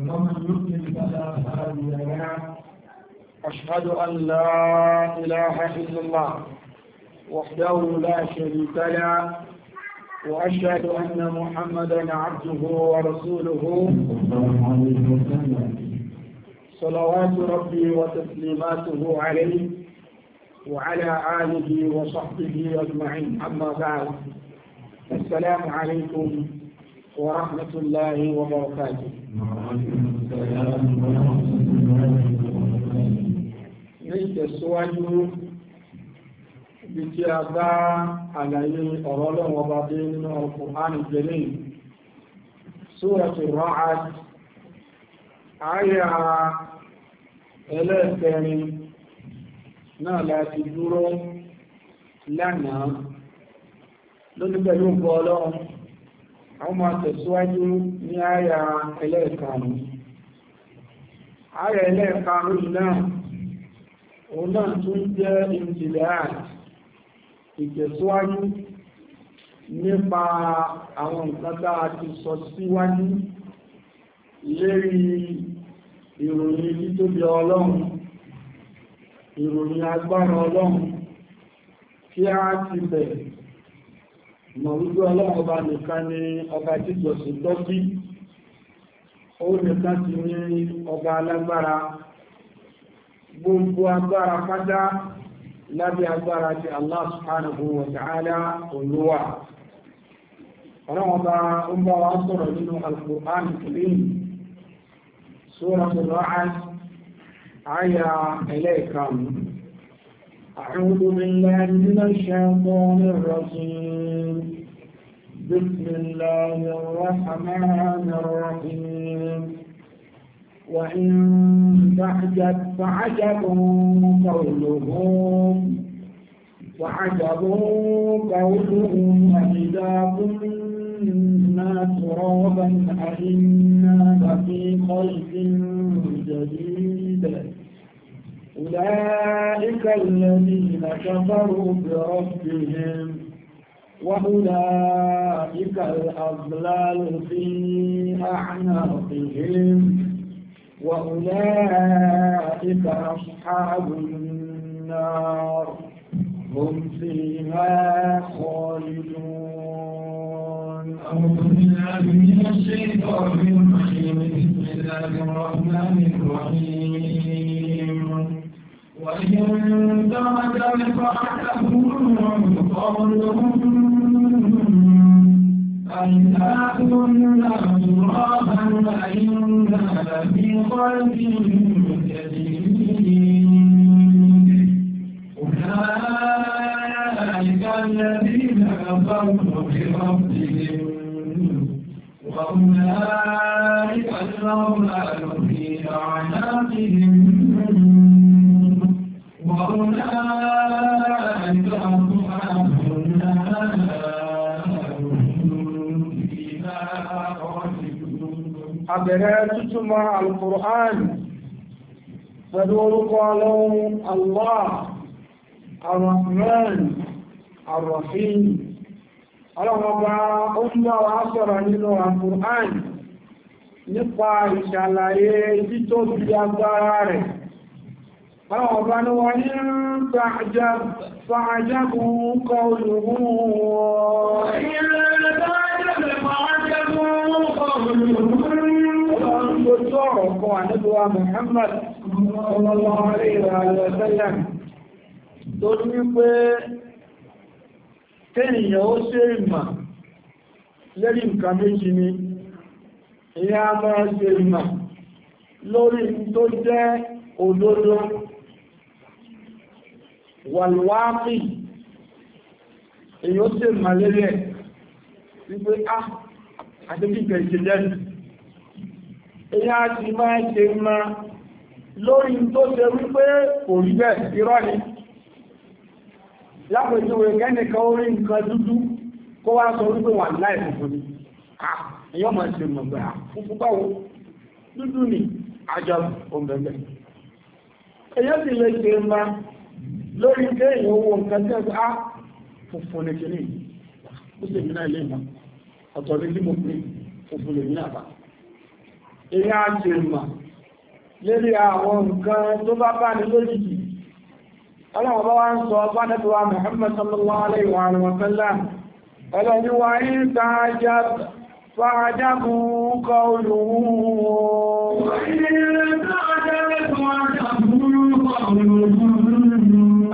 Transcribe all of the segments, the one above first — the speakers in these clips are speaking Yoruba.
ومن يؤمن فلا هادي له أشهد أن لا إله إلا الله وحده لا شريك له وأشهد أن محمدا عبده ورسوله صلوات ربي وتسليماته عليه وعلى آله وصحبه أجمعين أما بعد السلام عليكم ورحمة الله وبركاته Ní ìtẹ̀síwájú ibi tí a bá àlàyé ọ̀rọ̀ lọ́wọ́ bá dé nínú Al-Qur'an Al-Karim, Súratu Ra'ad, àyà ẹlẹ́ẹ̀kẹrin náà láti dúró lánàá ọlọ́run. àwọn máa tẹ̀síwájú ní àyà ẹlẹ́ẹ̀kanu àyà ẹlẹ́ẹ̀kanu náà òun náà tún jẹ́ ìjìnlẹ̀ àti ìtẹ̀síwájú nípa àwọn nǹkan tá a ti sọ síwájú lérí ìròyìn títóbi ọlọ́run ìròyìn agbára ọlọ́run kí a ti bẹ̀rẹ̀ ma wípé ọlọ́run ọba nìkan ni ọba tíjọsìn tọ́sí ó nìkan ti ní ọba alágbára gbogbo agbára pátá lábẹ́ agbára ti Allah subhanahu wa ta'ala olúwa ọlọ́run ọba bá wa sọ̀rọ̀ nínú al àyà ẹlẹ́ẹ̀kan أعوذ بالله من الشيطان الرجيم بسم الله الرحمن الرحيم وإن تعجب فعجب قولهم وعجب قولهم أإذا كنا ترابا أئنا لفي خلق جديد أولئك الذين كفروا بربهم وأولئك الأضلال في أعناقهم وأولئك أصحاب النار هم فيها خالدون أعوذ بالله من الشيطان الرجيم بسم الله الرحمن الرحيم وإن درجة فاعتهم قولهم أئذا كنا ترابا أئنا لفي خلق جديد أولئك الذين كفروا بربهم وأولئك الأولاد في أعناقهم Àbẹ̀rẹ̀ tútùmọ̀ Al-Qur'an pẹ̀lú orúkọ ọlọ́run Allah, Ar-Rahman, Ar-Rahim. Ọlọ́mọba ó túnmọ̀ wá sọ̀rọ̀ nínú Al-Qur'an nípa ìṣàlàyé tító bí agbára rẹ̀. قولا وإن تعجب فعجبوا قولهم وإن تعجب فعجبوا قولهم sọ̀rọ̀ àníbíwá Muhammad sallallahu alaihi wa sallam tó ní pé kéèyàn ó ṣe ìmà lórí nǹkan méjì ni ìyá máa ṣe ìmà lórí tó jẹ́ òdodo wàlúwáàpì èyí ó sì mà lérí ẹ̀ wípé á àtẹ́kìkẹ̀ ìṣẹ̀lẹ̀ èyí á ti máa ṣe ma lórí tó ṣe wípé kò rí bẹ́ẹ̀ irọ́ ni lápẹjúwe kẹ́nìkan ó rí nǹkan dúdú kó sọ wípé wà láì funfun ni ah, èyí máa ṣe mọ̀ gbà ah, báwo dúdú ni àjọ òǹbẹ̀bẹ̀ èyí ó sì lè lórí ilé èèyàn owó nǹkan tí ẹgbẹ́ á ah, funfun ní kìíní ó sì mìíràn ilé ìmọ̀ ọ̀tọ̀ ní tí mo pè funfun lè mìíràn bá èyí á ṣe ìmọ̀ lérí àwọn nǹkan tó bá bá ní lójijì ọlọ́run bá wá ń sọ ọgbà nẹ́tọ̀wà Muhammad sallallahu alaihi wa alihi wa sallam ọlọ́run wa ń ta fàájábù kọ olùwú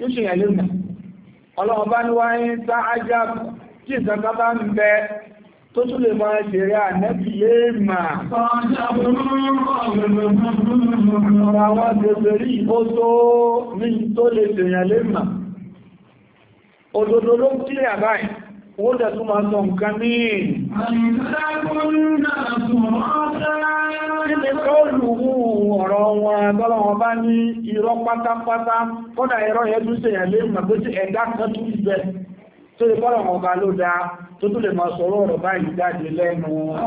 yóò ṣe yẹn lónà ọlọ́run bá ní wáyé tá ájá tí ìsànká bá ń bẹ tó tún lè máa ṣeré lè mà àwọn tó ní tó lè lè mà òdòdó ló dẹ̀ tún máa sọ nǹkan náà lórí pé kọ́ọ̀lùwú ọ̀rọ̀ wọn tọ́lọ́wọ́ bá ní irọ́ pátápátá kọ́dà irọ́ yẹn tún ṣe ẹ̀dá kan tún ti tó lè kọ́lọ̀wọ́ bá ló dáa tó tún lè máa sọ̀rọ̀ ọ̀rọ̀ báyìí jáde lẹ́nu wọn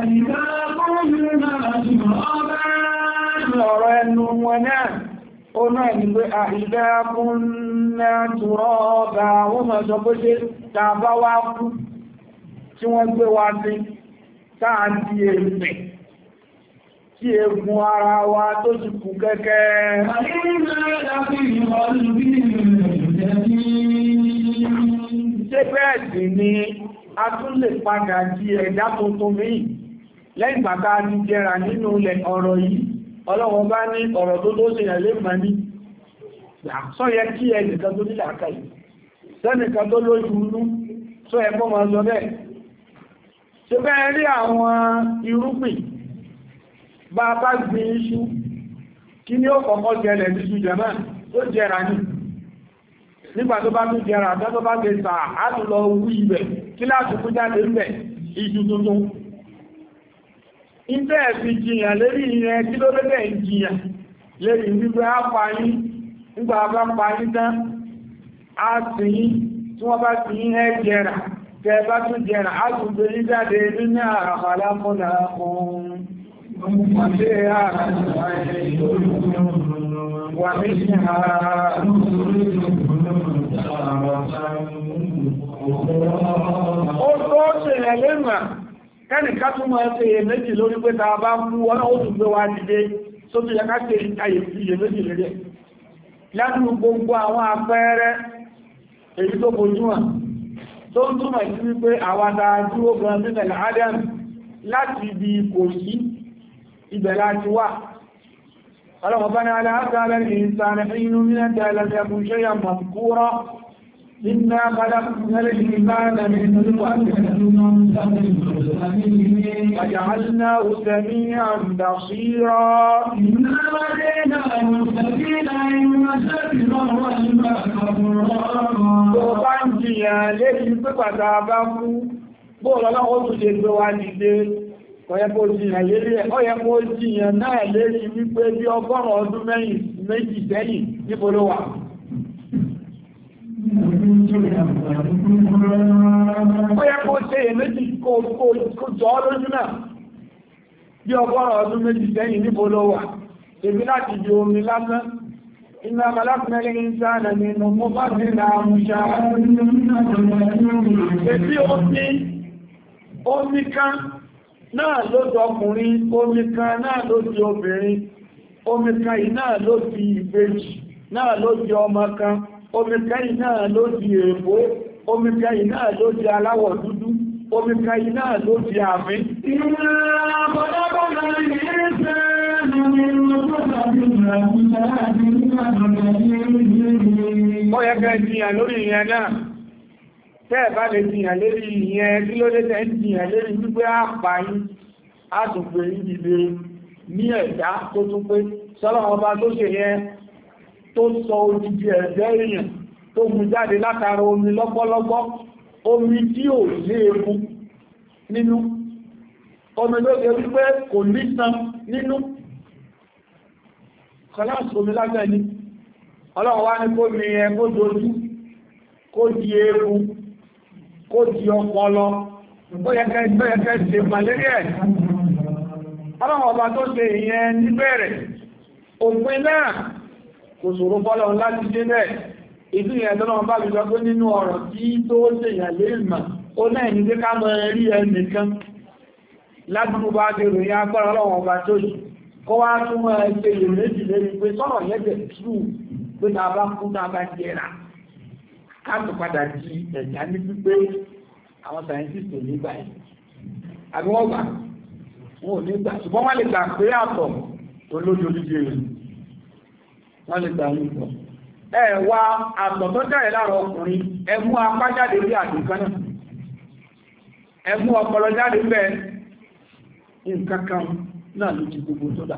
àìdá fún náà èèmẹ̀ tí egun ara wa tó ti kù kẹ́kẹ́ ṣe bẹ́ẹ̀ sì ni a tún lè padà di ẹ̀dá tuntun míì lẹ́yìn bàbá ní jẹrà nínú ilẹ̀ ọ̀rọ̀ yìí ọlọ́wọ́ bá ní ọ̀rọ̀ tó tó ṣe ẹ̀lé mẹ́ni sọ́yẹ kí ẹnìkan tó nílẹ̀ àkàyè sẹ́nìkan tó lójú inú sọ́yẹ kọ́ máa sọ bẹ́ẹ̀ ṣe bẹ́ẹ̀ rí àwọn irúgbìn bá bá gbin iṣu kí ní ó kọ̀kọ́ jẹlẹ̀ ní ṣu jẹ̀mọ́ tó jẹrà ní nígbà tó bá tún jẹrà tó bá gbé sà á tún lọ wú ibẹ̀ kí láti kú jáde ń bẹ̀ iṣu tuntun ìbẹ́ ẹ̀fì jìyàn lérí ìyẹn kí ló lébẹ̀ ń jìyàn lérí wípé á pa yín nígbà tún jẹrà á tún gbé yín jáde nínú àràfàlà fúnra fún وفيها ومنها ó tó ṣẹlẹ̀ lẹ́mà kẹ́nìká tún mọ́ ẹsẹ̀ èyẹ méjì lórí pé tàà bá mú wọn ó tún gbé wá dìde tó tún yẹká tẹ ayè sí èyẹ méjì lẹ́rẹ̀ lẹ́nu gbogbo àwọn àpẹẹrẹ èyí tó bojúwọ̀n tó ń túnmọ̀ ibẹ̀ láti wà ọlọ́pàá aláàtà alẹ́rin ìsáàrẹ̀ inú mínàtà alẹ́sẹ̀kùn ṣe yà mọ̀kúrọ̀ nínú agbádá mẹ́rin ìbáàrẹ̀ mẹ́rin olúkọ̀ àti ẹ̀lú Bóòlọ́lọ́wọ́ tó ṣe gbé wá ní ilé kọ̀yẹ́ kó jìyàn lérí ẹ̀ ọ̀yẹ́ kó jìyàn náà lérí wípé bí ọgọ́rùn ọdún mẹ́yìn méjì sẹ́yìn níbo ló wà ọ̀yẹ́ kó ṣe èméjì kó jọ ọ́ lójú náà bí ọgọ́rùn ọdún méjì sẹ́yìn níbo ló wà èmi láti di omi lásán Iná alákùnrin ní sáàdà nínú mọ́ bá sí ní àmúṣà. Èbí omi kan náà ló ti ọkùnrin omi kan náà ló ti obìnrin omi kan yìí náà ló ti ìbejì náà ló ti ọmọ kan omi kan yìí náà ló ti èèbó omi kan yìí náà ló ti aláwọ̀ dúdú omi kan yìí náà ló ti àmì Ọ̀yẹ́gẹ́ ìyà lórí ìyẹn náà, tẹ́ẹ̀ bá lè jìyàn lérí ìyẹn kí ló lé tẹ́ ń jìyàn lérí wípé àpáyí àtùgbè ìdìde ní ẹ̀dá tó tún pé sọ́lọ́wọ́ bá tó ṣe yẹn tó sọ odidi ẹ̀dẹ́ èèyàn tó mú jáde látara omi lọ́pọ́lọ́pọ́ omi tí ò lé eku nínú omi ló ṣe wípé kò ní san nínú kọláàsì omi lágbẹ̀ẹ́ ni ọlọ́wọ́ wá ní kó mi ẹ kó dojú di eku kó di ọpọlọ ìgbóyẹ̀kẹ́ ṣe malaria ọlọ́wọ́ ọba tó ṣe ìyẹn níbẹ̀rẹ̀ òpin náà kò ṣòro bọ́lọ̀ láti dé bẹ́ẹ̀ ìlú ìyẹn lọ́nà bá bí sọ pé nínú ọ̀rọ̀ tí tó ṣe ìyàn lè mà ó náà ní pé ká mọ rí ẹnìkan ládùúgbò bá ti ròyìn agbára ọlọ́wọ́ ọba tó ṣe kó wá túmọ̀ ẹgbẹ́ ìrèjì lérí pé sọ̀rọ̀ yẹ́bẹ̀ tú pé ta bá kú ta bá jẹ́ra káàtó padà di ẹ̀yà ní pípé àwọn scientist ò ní gbà yìí àbí wọ́n gbà wọn ò ní gbà ṣùgbọ́n wọ́n lè gbà pé àtọ̀ olójoojúdé rẹ̀ wọ́n lè gbà yìí pọ̀ ẹ wá àtọ̀ tó jáde lára ọkùnrin ẹ mú apá jáde bí àdùnkán náà ẹ mú ọpọlọ jáde bẹ́ẹ̀ nǹkan kan náà ló ti gbogbo tó dà.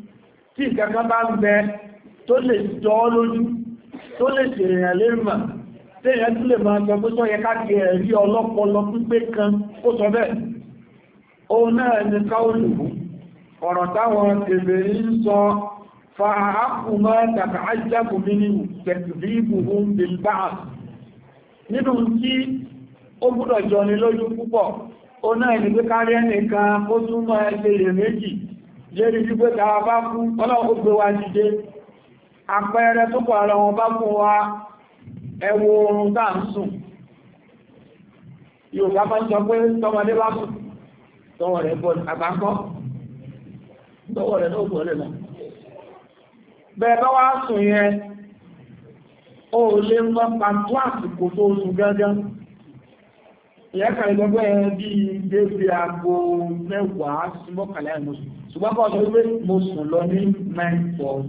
tí ìkankan bá ń bẹ tó lè jọ ọ́ lójú tó lè ṣèrìyàn lérìmà téèyàn tún lè máa sọ pé sọ yẹ káàkiri ẹ̀rí ọlọ́pọlọ pípé kan ó sọ bẹ́ẹ̀ òun náà ni káwọlùkù ọ̀rọ̀ táwọn tèbèrè ń sọ fàákùnmọ́ tàbí ni tẹ̀kìbíbùhù bilbao nínú tí ó lérí wípé tàà bá fún ọlọ́pọ̀ gbé wa dìde àpẹẹrẹ tó pọ̀ ara wọn bá fún wa ẹwọ oorun tá ń sùn Yorùbá máa ń sọ pé tọmọdé bá sùn tọwọ́ rẹ̀ bọ́ àbákọ́ tọwọ́ rẹ̀ náà bọ́ lẹ́nà bẹ́ẹ̀ bá wá sùn yẹn ó lè mọ́ pàtó àsìkò tó sùn gángan ìyá kàrí gbogbo ẹ̀ bí i débi aago mẹ́wàá sí mọ́kànlá ẹ̀mọ́sùn ṣùgbọ́n kọ́ ọ̀ṣọ́ pé mo sùn lọ ní 940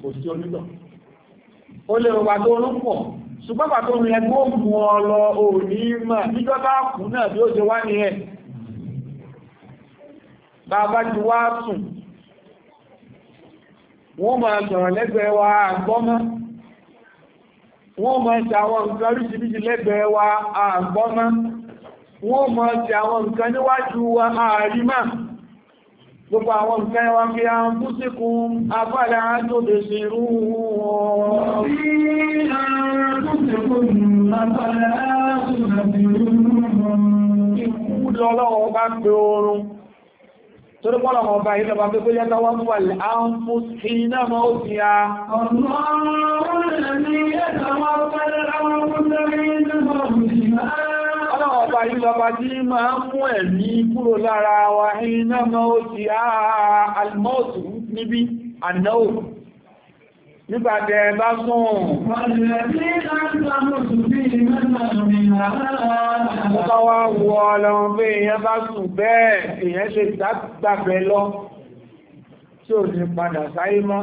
kò sí onígbọ̀ ó lè rọ̀gbà tó ń pọ̀ ṣùgbọ́n pàtó rìn ẹgbẹ́ òmù ọlọ òní mọ̀ níjọ́ bá kù náà bí ó ṣe wá ní ẹ̀ bàbá ti wá sùn wọ́n máa sọ̀rọ̀ lẹ́gbẹ̀ẹ́ wa àgbọ́mọ́ wọ́n máa ṣàwọn nǹkan lẹ́gbẹ̀ẹ́ wa àgbọ́mọ́ wọ́n mọ̀ sí àwọn nǹkan níwájú wa àrímà gbogbo àwọn nǹkan wa fi a ń bú síkú abára tó lè ṣe rú wọn torí pọ́lá ọmọ ọba ilẹ̀ ọba pẹ́kọ́ yẹta wọ́n mú wà lè á ń fún iná ma ó fi a ọ̀nà ọ̀rọ̀ ní ẹ̀ta wọ́n pẹ́lẹ̀ àwọn yìí lọba tí máa ń mú ẹ̀mí kúrò lára wa iná mọ́ ó ti àmọ́ọ̀tù níbi ànáwò nígbà tẹ bá sùn ọba wá wọ ọlọ́run pé èèyàn bá sùn bẹ́ẹ̀ èèyàn ṣe ìdágbàgbẹ́ lọ tí ò ní padà sáyé mọ́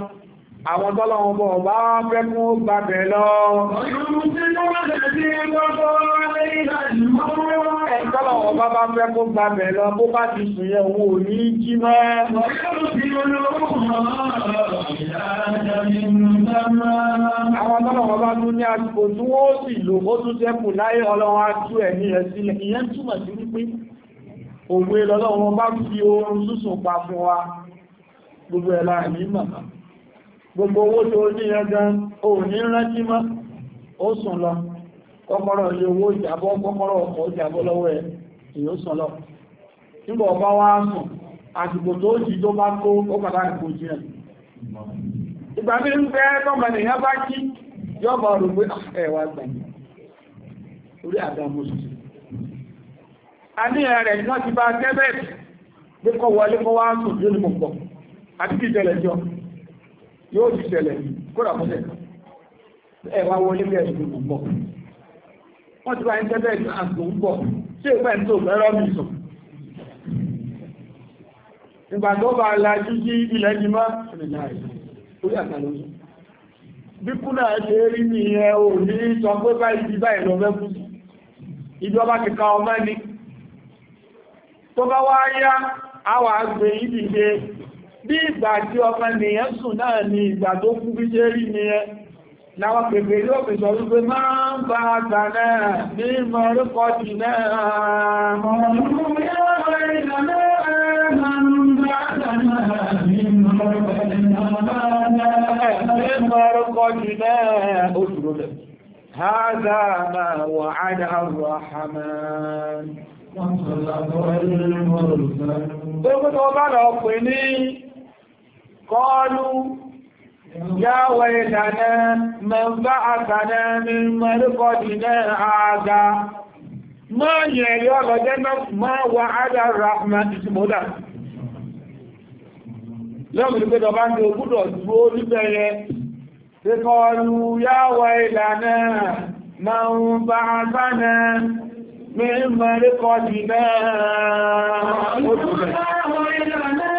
àwọn tọ́lọ́wọ́n bọ̀ bá fẹ́ kún ó gbà bẹ̀ lọ tọ́lọ́wọ́n bá bá fẹ́ kún gbà bẹ̀ lọ bó bá ti sùn yẹ owó ní jí mẹ́ àwọn tọ́lọ́wọ́n bá tún ní àsìkò tí wọ́n sì lò ó tún sẹ́kù láyé ọlọ́wọ́n á tú ẹ̀mí rẹ̀ sílẹ̀ ìyẹn túmọ̀ sí wípé òwe lọ́lọ́wọ́n bá fi oorun súsùn pa fún wa gbogbo ẹ̀ láàrin màmá gbogbo owó tó ní ẹgbẹ́ ò ní ó sùn lọ kọ́kọ́rọ́ ilé owó ìjàbọ́ ọkọ ọkọ̀ ìjàbọ́ lọ́wọ́ ẹ̀ èyí ó sùn lọ nígbà ọba wá sùn àsìkò tó jì tó bá kó ó padà kò ìgbà bí ń bá kí rò pé ah, ẹ̀wà gbà orí àdámọ́ sí àníyàn rẹ̀ ti bá pé kọ́ wọlé kọ́ wá sùn lónìí pọ̀ àti yóò ti ṣẹlẹ̀ kódà mọ́tẹ̀ ẹ wá wọlé bí ẹ̀sùn kò mọ̀ wọ́n ti bá ń tẹ́lẹ̀ ní àsùn ń bọ̀ ṣé ìpẹ́ ń tó mẹ́rọ́ mi sùn ìgbà tó bá lajú sí ilẹ̀ yìí mọ́ orí àtàlóyún bí kúnà ṣe rí ní ẹ ò ní sọ pé báyìí ti báyìí lọ mẹ́kú ìjọba kíkà ọmọ ni tó bá wá yá àwọn àgbẹ̀ yìí bí ìgbà tí ọmọ ènìyàn sùn náà ni ìgbà tó kú bí jẹ́ rí ni ẹ láwọn pèpè ilé òpèsọ wípé máa ń bá àgbà náà ní mọ̀rúkọ jù náà mọ̀rúkọ jù náà ó dúró lẹ̀ ọba lọ pè ní قالوا يا ويلنا من بعثنا من مرقدنا هذا ما يرغبنا ما وعد الرحمن اسمه lọ́gbìn pé tọba ń tó gúdọ̀ tó níbẹ̀yẹ tí kọlu yáwọ ìlànà ma ń bá bánà mímọ̀ rí kọjì náà ó tún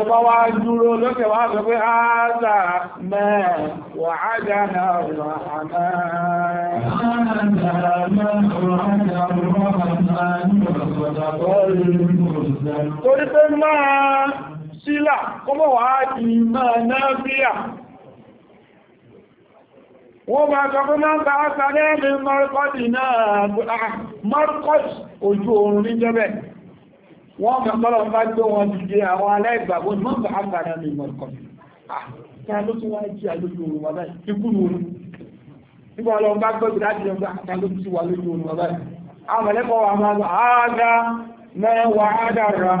Ọba wa dúró lókè wá sọ pé áàzà mẹ́ wà ájá náà rọ̀ àmẹ́. Áàzà mẹ́ wà ájá rọ̀ àmẹ́ Torí pé máa sílà, kọ́mọ̀ wà á di máa náà bíyà wọ́n máa tọ́kọ́ máa ń bá sáré ní mọ́rkọ́dì náà ah, mọ́rkọ́dì ojú oòrùn ní jẹ́bẹ̀ wọ́n máa tọ́lọ̀ bá gbé wọn dìde àwọn aláìgbàgbọ́ ní mọ́bà sáré ní mọ́rkọ́dì ta ah, ló ni oòrùn nígbà lọ bá gbé bí láti lọ́gbà ta ló tún wà lójú oòrùn wà báyìí àwọn mọ̀lẹ́kọ̀ wà máa lọ àádá mẹ́wàá àádá rà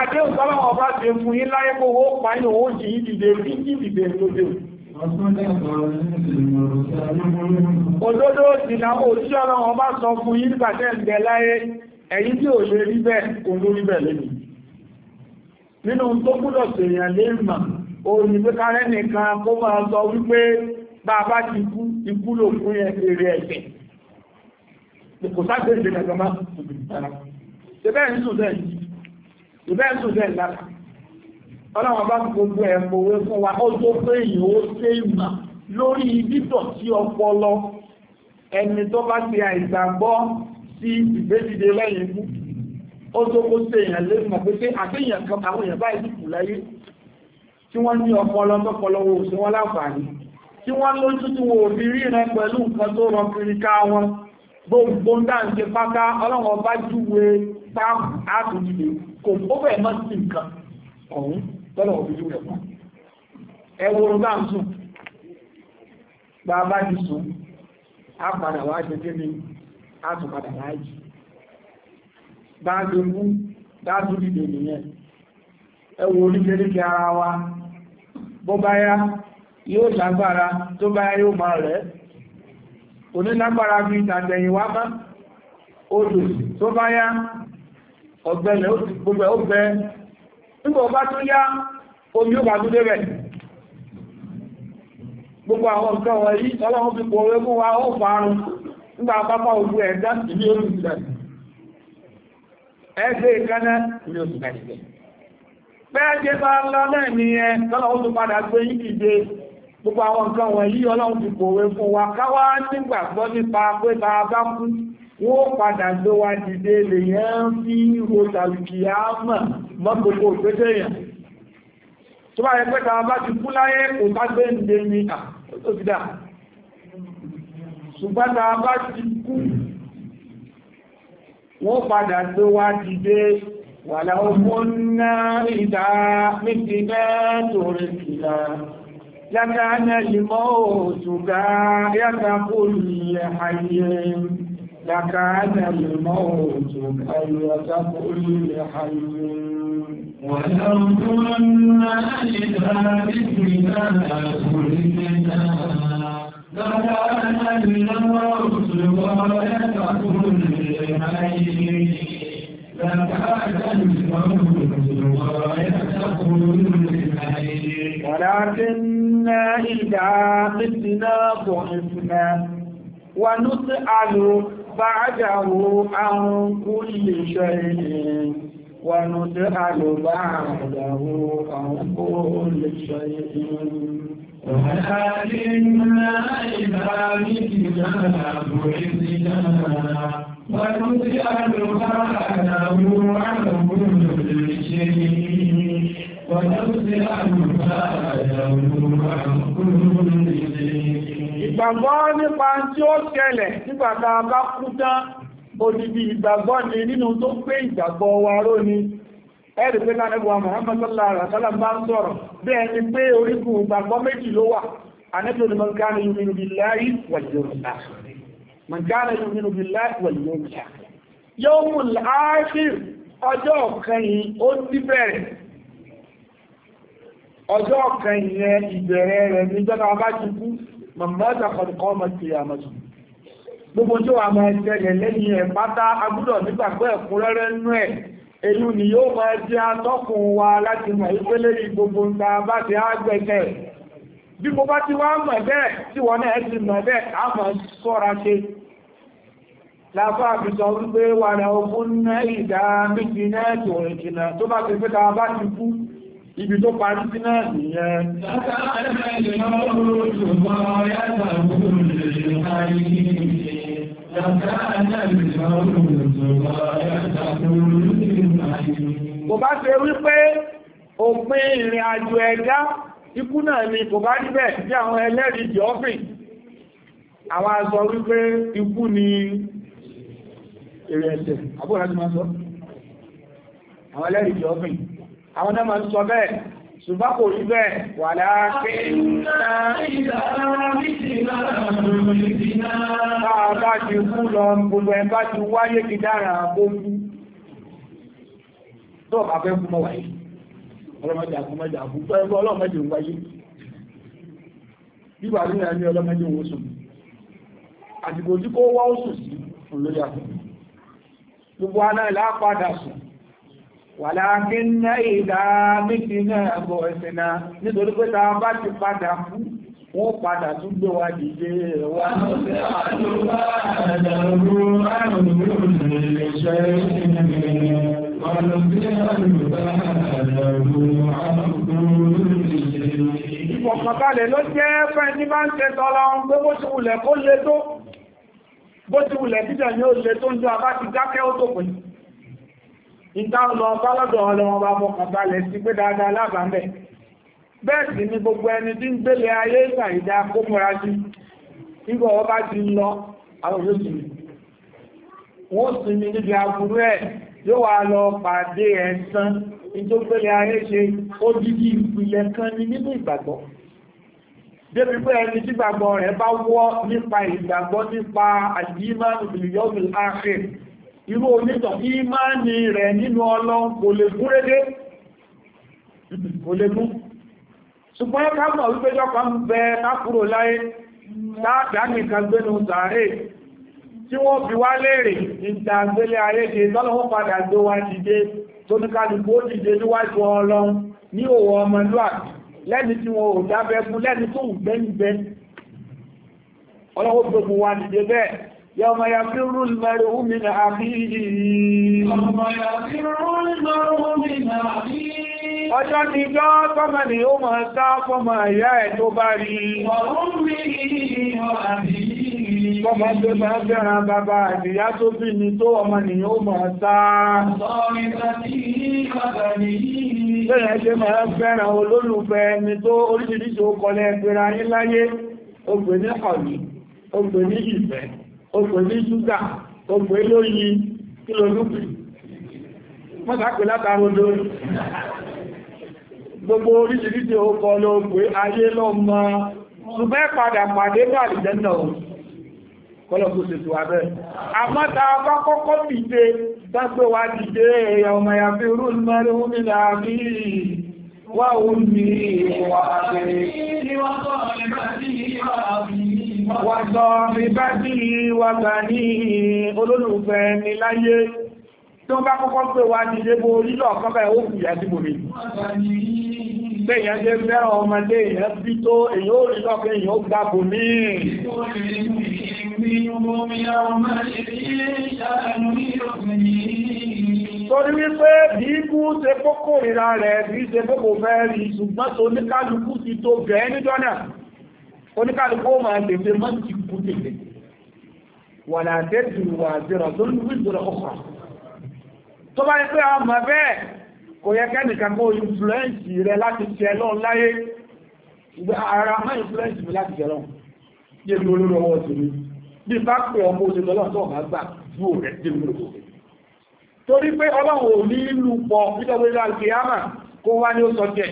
àdéhùn tọ́lọ̀ ọba ti fún yín láyé kó wó pa inú òun dìde bí dìde lóde Òdodo ti náà òjí ọlọ́run bá sọ fún yí pàtẹ́ ìgbẹ̀ láyé ẹ̀yí tí ò lè rí bẹ́ẹ̀ kò ló rí bẹ́ẹ̀ lẹ́nu. Nínú tó gbúdọ̀ sèèyàn lè mà, ó ní pé kárẹ́ nìkan kó máa sọ wípé bá a bá ti kú ikú lò fún èrè ẹ̀sẹ̀. Kò sáàgbé ìgbẹ̀ ọlọ́wọ́n bá gbogbo ẹ̀ mọ̀wé fún wa ó tó pé ìyòwó ṣe ìmọ̀ lórí dídọ̀ sí ọpọlọ ẹni tó bá ti àìgbàgbọ́ sí ìgbédìde lẹ́yìn ikú ó tó kó ṣe èèyàn lé mọ̀ pé pé àkéèyàn kan àwọn èèyàn báyìí dìkù láyé tí wọ́n ní ọpọlọ tọpọlọ wo sí wọn láǹfààní tí wọ́n lójú tí wọn ò fi ríran pẹ̀lú nǹkan tó rọ kiri ká wọn gbogbo ń dáǹṣe pátá ọlọ́wọ́n bá júwe táàpù áàtùjìlè kò ó bẹ̀ mọ́ sí nǹkan ọ̀hún tọ́lọ̀ òfin rẹ̀ pa ẹwọ orúgbà ń sùn gba bá ti sùn á padà wá jẹ kí ni á bá ń mú dìde nìyẹn ara wa bó bá yá yóò lágbára tó bá yóò nígbà ọba tó yá omi ó bá tó débẹ̀ gbogbo àwọn nǹkan wọ̀nyí ọlọ́run fi pọ̀ wẹ́gún wa ó fàárùn nígbà pápá ogun ẹ̀dá ẹgbẹ́ ìkánná jẹ́ bá lọ náà ni ẹ tọ́lọ́run tó padà gbé yí gbogbo àwọn nǹkan ọlọ́run fi pọ̀ wa káwá nípa pé bá a bá kú wọ́n padà tó wá dìde lè yán fi ro tàbí àmà mọ́gbogbo òpété yàn tó bá ẹgbẹ́ ta bá ti kú láyé kò bá gbé ń dé ní àtòsídà ṣùgbọ́n ta bá ti kú wọ́n padà tó wá dìde wà láwọn mọ́ná ìdá لكان الموت أية كل حي ولو كنا إذا بذنا لكان الموت غاية كل حي لكان الموت ولكنا إذا بذنا ضعفنا ونسأل بعده عن كل شيء ونسأل بعده عن كل شيء وحالنا إبارك لنا بعثنا ونسأل بعده عن كل شيء ونسأل بعده عن كل ìgbàgbọ́ nípa tí ó ṣẹlẹ̀ nígbàtà bá kú tán odidi ìgbàgbọ́ ni nínú tó pé ìgbàgbọ́ wa ró ni ẹ̀rì pé lánàbọ̀ Muhammad sallallahu alaihi wasallam bá ń sọ̀rọ̀ bí billahi wal yawmil akhir man billahi wal yawmil akhir yawmul akhir ọjọ́ kẹyìn ó ti bẹ̀rẹ̀ ọjọ́ kẹyìn ìbẹ̀rẹ̀ rẹ̀ ní jọ́ta ọba ti mọ̀mọ́dà kọ̀dùkọ́ ọmọ ti àmọ́tù gbogbo tí wà máa jẹ́lẹ̀ lẹ́yìn ẹ̀ pátá agbúdọ̀ nígbàgbọ́ ẹ̀kúnrẹ́rẹ́ nú ẹ̀ èyí ni yóò máa jẹ́ atọ́kùn wa láti mọ̀ ìpele gbogbo ń ta bá ti ágbẹ̀kẹ́ bí mo bá ti wá mọ̀ bẹ́ẹ̀ tí wọ́n náà ti mọ̀ bẹ́ẹ̀ á mọ̀ sọ́ra ṣe láfá àbìsọ wípé wà náà ogún náà ìdá méjì náà tó rìn jìnà tó bá ti pé ta bá ti kú ibi tó parí sí náà nìyẹn kò bá ṣe wípé òpin ìrìn àjò ẹ̀dá ikú náà ni kò bá níbẹ̀ bí àwọn ẹlẹ́rìí jọ́fìn àwọn aṣọ wípé ikú ni èrè ẹ̀ṣẹ̀ àbúrò láti máa sọ àwọn ẹlẹ́rìí jọ́fìn àwọn náà máa ń sọ bẹ́ẹ̀ ṣùgbọ́n kò rí bẹ́ẹ̀ wà láàáké bá ti kú lọ gbogbo ẹ bá ti wáyé kí dára gbogbo tó bá fẹ́ fún mọ́ wáyé ọlọ́mọdé àkúmọ́dé àkúkọ́ ẹgbẹ́ ọlọ́mọdé wáyé bíbà rí ẹni ọlọ́mọdé owó sùn àtìkò tí kó wá ó sùn sí olóyà gbogbo aná ìlà padà sùn wàláàkín ná ìdá mítínà ẹ̀bọ̀ ẹ̀sìnà nítorí pé ta bá ti padà kú wọ́n padà tún gbé wa dìde wà Ìfọ̀kànbalẹ̀ ló jẹ́ fẹ́ ní bá ń tẹ́ tọ́lá ohun pé bó ti wùlẹ̀ kó lé tó, bó ti wùlẹ̀ títẹ̀ ní ó lé tó ń jọ àbá ti dákẹ́ ó tó pẹ̀lú ìtàn lọ bálọ́dọ̀ ọlọ́wọ́n bá mọ́kàn balẹ̀ sí pé dáadáa lábàámẹ̀ bẹ́ẹ̀ sì ni gbogbo ẹni tí ń gbélé ayé ìgbà ìdá kó múra sí nígbà ọba ti lọ àwọn olóṣèlú pé ẹni tí gbàgbọ́ rẹ̀ bá wọ́ nípa ìgbàgbọ́ nípa àdìmọ́ ìbìlìyọ́bìlì áàfẹ́ irú onítọ̀ ní máa ní rẹ̀ nínú ọlọ́run kò lè gún rédé kò lè mú ṣùgbọ́n káàmà wípé jọpa ń bẹ kákúrò láyé láàdáni kan gbénu sàárè tí wọ́n fi wá léèrè ìta gbélé ayéde lọ́lọ́wọ́ padà gbé wá dìde tó ní kálùkù ó dìde níwájú ọlọ́run ní òwò ọmọlúàbí lẹ́ni tí wọn ò dábẹ́ fún lẹ́ni tó ń gbẹ́yìn bẹ́ ọlọ́wọ́ gbogbo wa dìde bẹ́ẹ̀ يوم يفر المرء من أخيه يوم يفر المرء من أخيه Ọjọ́ ti gọ́ kọ́mọ̀ ni ó mọ̀ sá fọ́mọ̀ ìyá ẹ̀ tó bá rí. Kọ́mọ̀ tó bá fẹ́ràn bàbá àdìyá tó bí ni tó ọmọ nìyàn ó mọ̀ sá. Bẹ́ẹ̀ ṣe mọ̀ fẹ́ràn olólùfẹ́ ni tó oríṣiríṣi ó kọlẹ̀ ẹgbẹ̀rẹ̀ ayé láyé, ó gbè ní ọ̀lú, ó gbè ní ìfẹ́ ó pè ní ṣúgà ó pè lóyìn kí ló lúpì mọ́sàpè látàrí odò gbogbo oríṣiríṣi ọkọ̀ ló pè ayé lọ́mọ ṣùgbẹ́ padà pàdé gbàlìjẹ́ náà kọlọ̀kú ṣètò abẹ́. àmọ́ta bá kọ́kọ́ dìde dágbé wa dìde ẹ̀yà ọmọ ya fi rú mẹ́rin omi láàbí wà ó ní ìwà àgbẹ̀rẹ̀ Wàtọ̀ ìbájí wàtà ní olólùfẹ́ mi láyé tí wọ́n bá kọ́kọ́ pé wà ní ìdébò orílọ̀ ọ̀kọ́bẹ̀ ó kù yà síbò mi. Bẹ́yàn jẹ́ fẹ́ràn ọmọdé èèyàn bí tó èyàn ó rí lọ́pẹ́ èyàn ó gbàbò mí. Torí wípé bí kú ṣe kókò ìra rẹ̀ bí ṣe kókò fẹ́ rí ṣùgbọ́n tó ní kálukú ti tó gẹ̀ẹ́ níjọ́ náà oníkàlùkù ó máa tètè má ti kú tètè wà láàdé dùn wà zero tó ní wíjọra ọkọ̀ tó bá yẹ pé àwọn ọmọ bẹ́ẹ̀ kò yẹ kẹ́nìkan kó influence rẹ láti tẹ lọ láyé ìgbà ara má influence mi láti tẹ lọ yé mi olórí ọwọ́ sí mi bí bá pè ọmọ òṣèlú ọlọ́sọ̀ ọ̀gá gbà fún òrẹ́ dé mi lóko torí pé ọlọ́run ò ní ìlú pọ̀ nítorí láti kìámà kó wá ní ó sọ jẹ́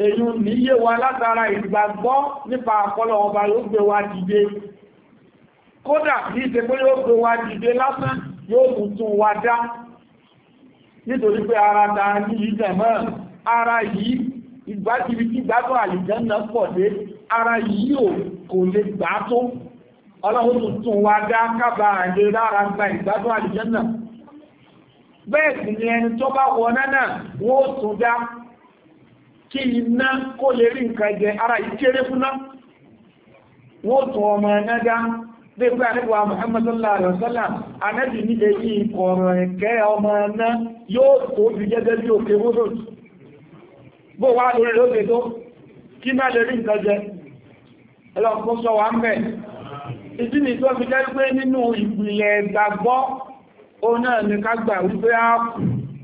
èyí ní yé wa látara ìgbàgbọ́ nípa àkọlọ̀ ọba yóò gbé wa dìde kódà ní ìṣe pé yóò gbé wa dìde lásán yóò tún tún wa dá nítorí pé ara ta ní ìjẹ̀mọ́ ara yìí ìgbàkiri tí gbádùn àlìjẹ́nà pọ̀ dé ara yìí ò kò lè gbà tó ọlọ́run tuntun wa dá kábà àjẹ́ lára gba ìgbádùn àlìjẹ́nà bẹ́ẹ̀ sì ni ẹni tó bá wọ náà wọ́n tún dá kí iná kó lè rí ara ìkéré fúnná wọ́n tún ọmọ ẹ̀nẹ́gá lẹ́gbẹ́ àríwá Muhammadullah àrẹ̀sọ́là anẹ́bì ní èyí ìkọ̀rọ̀ ẹ̀kẹ́ ọmọ ẹ̀nà yóò tó bí gẹ́gẹ́ bí òkè wúròd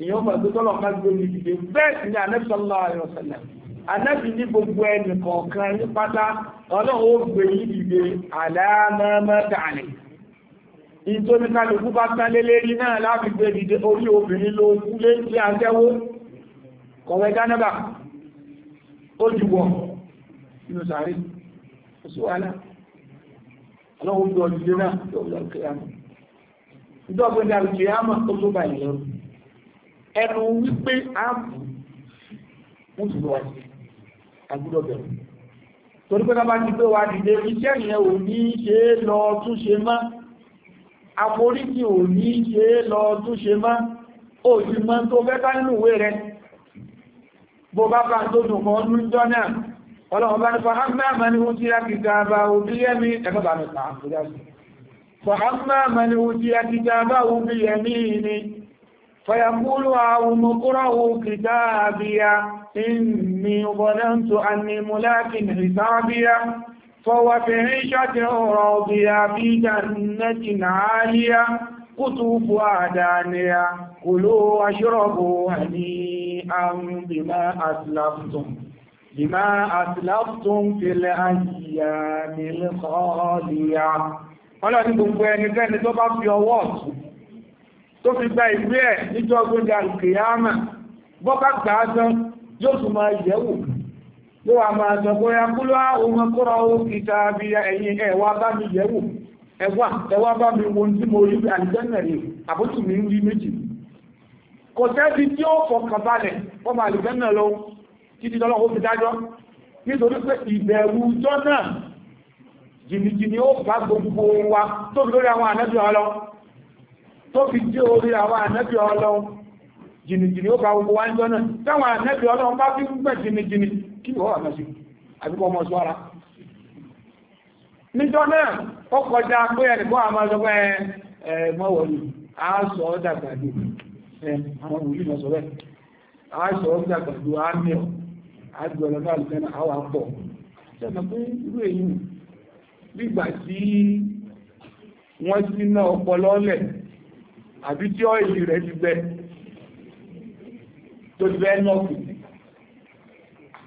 èyàn mọ̀ pé tọ́lọ̀ ká gbé mi dìde bẹ́ẹ̀ ni Ànábì sallallahu alaihi wasallam Ànábì ní gbogbo ẹnì kọ̀ọ̀kan ní pátá ọlọ́run ó gbé yí dìde àlàámọ́mọ́ dàní nítorí kálukú bá tán lélẹ́rí náà láti gbé dìde orí obìnrin ló kúlé tí a tẹ́wó kọ̀wé gánábà ó jùwọ̀ nínú sàárì ó sì wà náà ọlọ́run ó gbé ọdún dé náà tó lọ á mọ̀ tó tó báyìí lọ́rùn ẹnu wípé ààbò mú sí wọ́n àgbúdọ̀ bẹ̀rù torí pé tábá ti pé wà dìde iṣẹ́ ìyẹn ò ní ṣe lọ tún ṣe mọ́ àforíjì ò ní ṣe lọ tún ṣe mọ́ ó sì mọ́ tó fẹ́ bá nínú ìwé rẹ̀ bó bá bá tó dùn kan ní jọ náà ọlọ́run bá ní fọ́hámà mẹ́ni ó ti rákì gàbà òbí yẹ́mi ẹ̀kọ́ bá mi pàá fọ́hámà mẹ́ni ó ti rákì gàbà òbí yẹ́mi ni فيقول أعون قرأوا كتابيا إني ظننت أني ملاك حسابيا فهو في عيشة راضية في جنة عالية قطوفها دانية كلوا واشربوا هنيئا بما أسلفتم بما أسلفتم في الأيام الخالية. Ọlọ́run gbogbo ẹnikẹ́ni tó bá fi ọwọ́ ọ̀tún tó fi gba ìwé ẹ̀ níjọ́ gbéga ìkèyàmà bọ́kà gbà á tán yóò tún máa yẹ̀wò ló wà máa sọ pé ya kúlọ́ ohun kọ́rọ̀ owó kìta bí ẹ̀yìn ẹ̀wà bá mi yẹ̀wò ẹ̀wà ẹ̀wà bá mi wo tí mo rí àlìjẹ́nà rí àbútù mi ń rí méjì kò sẹ́bi tí ó fọkàn balẹ̀ wọ́n máa àlìjẹ́nà lọ títí lọ́lọ́ ó fi dájọ́ nítorí pé ìbẹ̀rù jọ náà jìnnìjìnnì ó bá gbogbo wa tóbi lórí àwọn ànábì ọlọ́ tó fi jẹ́ orí àwọn ànẹ́bí ọlọ́run jìnnìjìnnì ó bá gbogbo wá ń jọ náà táwọn ànẹ́bí ọlọ́run bá fi ń gbẹ̀ jìnnìjìnnì kí wọ́n àmọ́ sí àbíkọ́ ọmọ ara náà ó kọjá pé ẹnìkan àmọ́ sọ pé àbí tí ọ èyí rẹ̀ ti bẹ́ tó ti bẹ́ nọ́ọ̀kù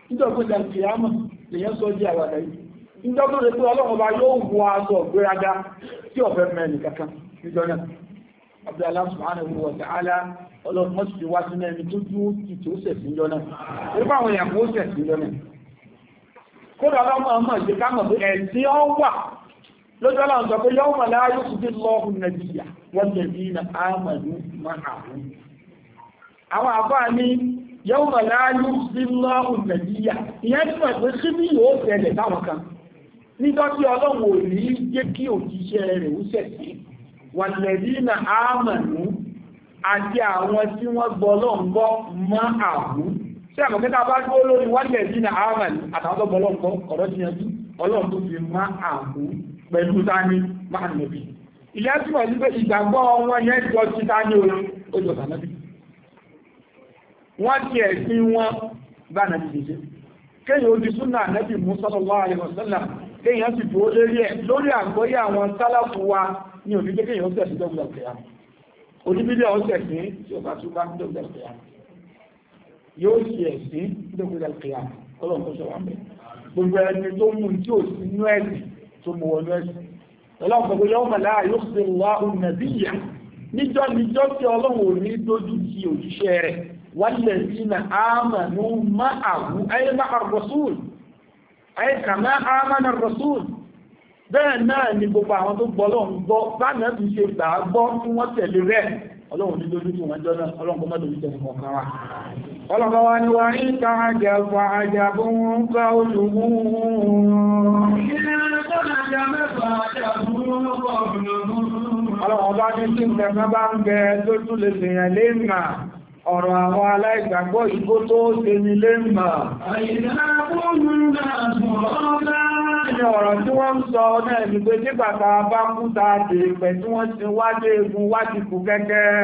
nítorí pé kìyàmù lèyàn sọ jẹ́ àwàdà yìí nítorí tó lè pé ọlọ́run bá yóò wọ aṣọ ìgbéraga tí ọ̀fẹ́ mẹ́rin kankan níjọ náà Abdullahi subhanahu wa ta'ala ọlọ́run mọ́sí ti wá sí mẹ́rin tó dúró ti tó sẹ̀ sí jọ náà nípa àwọn èèyàn kó sẹ̀ lójú ọlá ń sọ pé yọ́wọ́ mọ̀lá yóò fi bí lọ́ọ̀hún nàìjíríà wọ́n lè ní na àmàlú máàrún àwọn àbá ní yọ́wọ́ mọ̀lá yóò fi bí lọ́ọ̀hún nàìjíríà ìyẹn tí wọ́n pé kí ní yóò tẹ̀lẹ̀ táwọn kan nígbà tí ọlọ́wọ̀ ò ní jẹ́ kí òjíṣẹ́ rẹ̀ ó ṣẹ̀ṣẹ̀ wọ́n lè ní pẹ̀lú tani máa nẹ̀bí ìyá túnmọ̀ sí pé ìgbàgbọ́ wọn yẹn jọ ti tani ó jọ sànẹ́bí wọ́n ti ẹ̀sìn wọn bá nàbí lè ṣe kéyàn ó di súnà nẹ́bí mú sallallahu alaihi wasallam kéyàn sì bó lérí ẹ̀ lórí àgbọ́yé àwọn sálàfù wa ní òdíjé kéyàn ó tẹ̀sí dọ́gbà ọ̀kẹ́yà oníbílẹ̀ ó tẹ̀sí tí ó bá tún bá dọ́gbà ọ̀kẹ́yà yóò sì ẹ̀sìn dọ́gbà ọ̀kẹ́yà ọlọ́run tó ṣọwọ́ mẹ́ gbogbo ẹni tó mú tí ò sí nú ẹ̀sìn tó mú wọnú ẹ̀sìn ọlọ́pàá yóò mọ̀ láà yóò sì wá ònàbí yà níjọ́ níjọ́ tí ọlọ́run ò ní dojú ti òjíṣẹ́ rẹ̀ wálẹ̀ sí na àmà ní má àwú ayé má àrọ̀sùn ayé kà má àmà nà rọ̀sùn bẹ́ẹ̀ náà ni gbogbo àwọn tó gbọ́ lọ́run gbọ́ bánà ti ṣe gbà á gbọ́ fún wọn tẹ̀lé rẹ̀ ọlọ́run ní dojú tí wọ́n jọ náà ọlọ́run kọ́ mọ́ dojú tẹ̀lé kọ̀ọ̀kan wa Ọlọ́pàá wa ni wà ní ìtàájà fà àjàbó wọn bá oṣù mú Ọlọ́pàá bá ní sí ìtẹ̀mẹ́ bá ń bẹ tó tún lè fèèyàn lé mà ọ̀rọ̀ àwọn aláìgbàgbọ́ ìgbó tó ṣe ní lé mà. Ìyẹn ọ̀rọ̀ tí wọ́n ń sọ náà ní pé tí bàbá bá kú ta dè pẹ̀ tí wọ́n ti wá egun wá kú kẹ́kẹ́.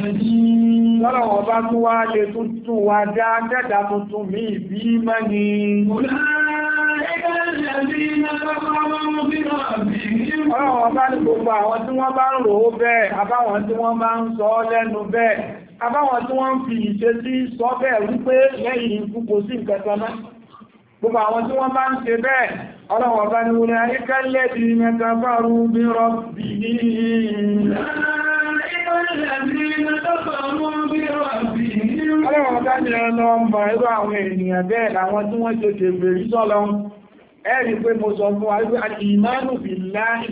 Lọ́lọ́wọ́ bá tún wá lè tuntun wá dá dẹ́dà tuntun mí ìbí mọ́ ni. Ọlọ́wọ́ bá ní gbogbo àwọn tí wọ́n bá ń rò ó bẹ́ẹ̀, àbáwọn tí wọ́n bá ń sọ lẹ́nu bẹ́ẹ̀, àbáwọn tí wọ́n ń fi ìṣesí sọ bẹ́ẹ̀ wípé lẹ́yìn ikú sí nǹkan náà gbogbo àwọn tí wọ́n bá ń ṣe bẹ́ẹ̀ ọlọ́wọ̀ bá ní wúlẹ̀ ayíkẹ́lẹ̀ bí mẹ́ta bá rú bí rọ́bì ní ọlọ́wọ̀ bá ní ẹlọ mọ̀ ẹgbẹ́ àwọn ènìyàn bẹ́ẹ̀ láwọn tí wọ́n ṣe kèfè rí sọ́lọ ẹ̀rí pé mo sọ fún àríwá ìmánù billahi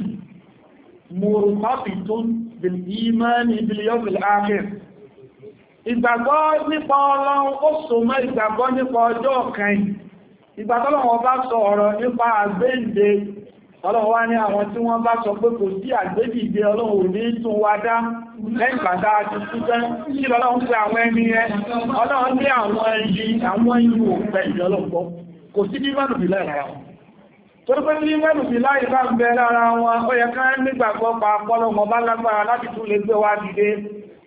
murmatitun bil imani bil yawmil akhir ìgbàgbọ́ nípa Ọlọ́run ó so mọ́ ìgbàgbọ́ nípa ọjọ́ ọ̀kan yìí ìgbà tọ́lọ̀wọ́ bá sọ ọ̀rọ̀ nípa àgbéǹde ọlọ́run wá ní àwọn tí wọ́n bá sọ pé kò sí àgbébìgbé ọlọ́run ò ní tún wá dá lẹ́yìn bàtà àti títẹ́ kí lọ́lọ́run pé àwọn ẹni rẹ ọlọ́run ní àwọn ẹni àwọn ìlú òpẹ́ ìjọlọ́pọ̀ kò sí bí mẹ́nu bí láì lára wọn tó pé bí mẹ́nu bí láì bá ń bẹ lára wọn ó yẹ ká nígbàgbọ́ pa ọlọ́run bá lágbára láti tún lè gbé wa dìde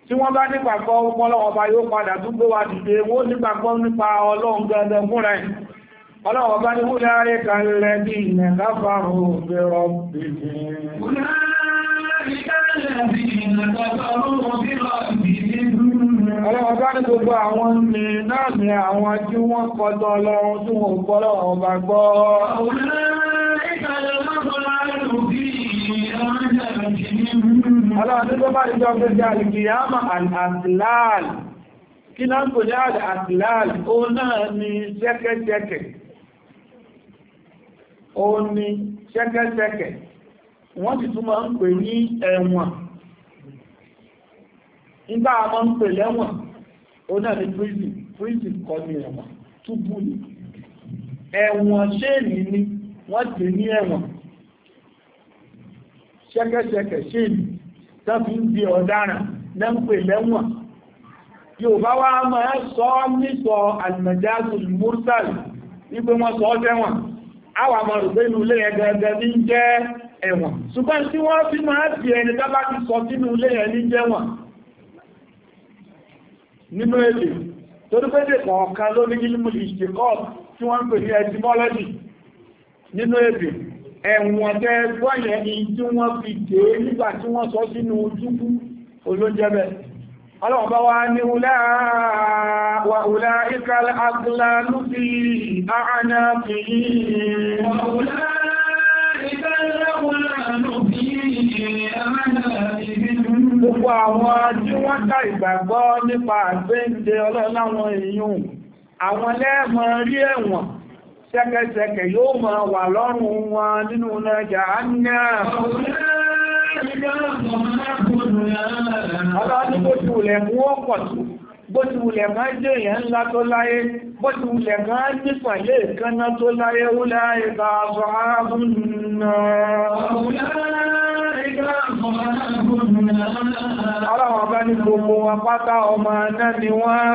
tí wọ́n bá nígbàgbọ́ ọlọ́run bá yóò padà tún gbé wa dìde wọ́n nígbàgbọ́ nípa ọlọ́run gangan ẹ̀ ọlọ́wọ́ bá ní wúlẹ̀ ààrẹ kalẹ̀ bí ilẹ̀ káfàrò bẹ̀rọ Ọlọ́wọ́ bá ní gbogbo àwọn mi náà ni àwọn tí wọ́n kọjọ lọ́run tí wọ́n gbọ́lọ̀ ọba gbọ́. Ọlọ́wọ́ tí tó bá ìjọ gbẹ́gbẹ́ alìkìyàmà àtìláàlì. Kí náà kò ní àtìláàlì, ó náà ni jẹ́kẹ́jẹ́kẹ́ ó ní ṣẹ́kẹ́ṣẹ́kẹ́ wọ́n ti tún máa ń pè ní ẹ̀wọ̀n nígbà máa ń pè lẹ́wọ̀n ó náà ní prison prison kọ́ ní ẹ̀wọ̀n túbú ni ẹ̀wọ̀n ṣéèlì ni wọ́n ti ní ẹ̀wọ̀n ṣẹ́kẹ́ṣẹ́kẹ́ ṣéèlì tó fi ń di ọ̀daràn náà ń pè lẹ́wọ̀n Yorùbá wá máa sọ nítọ̀ mursal wípé wọ́n sọ ọ́ àwà máa rò pé inú ilé yẹn gẹ́gẹ́ ní jẹ́ ẹ̀wọ̀n ṣùgbọ́n tí wọ́n fi máa fi ẹni tábá ti sọ sínú ilé yẹn ní jẹ́wọ̀n nínú èdè torí pé dè kọ̀ọ̀kan ló ní ilmù ìṣẹ́kọ́ tí wọ́n ń pè ní ni tí wọ́n fi dé nígbà ọlọ́ọ̀bá wa ní wùlá ìkàlẹ̀ àgbìlá lúbí fi àánà fi gbogbo àwọn tí wọ́n dá ìgbàgbọ́ nípa àgbéǹde ọlọ́láwọn èèyàn àwọn lẹ́ẹ̀mọ̀ rí ẹ̀wọ̀n ṣẹ́kẹ́ṣẹkẹ̀ yóò mọ̀ wà lọ́rùn wọn nínú náà á ní àà Ọlọ́run bó ti wùlẹ̀ mú ó pọ̀ tó, bó ti wùlẹ̀ máa jẹ́ èèyàn ńlá tó láyé, bó ti wùlẹ̀ máa nípa ilé ìkánná tó láyé ó láyé bá aṣọ arábùn náà. Ọlọ́run ọba ní gbogbo wọn pátá ọmọ náà ni wọ́n.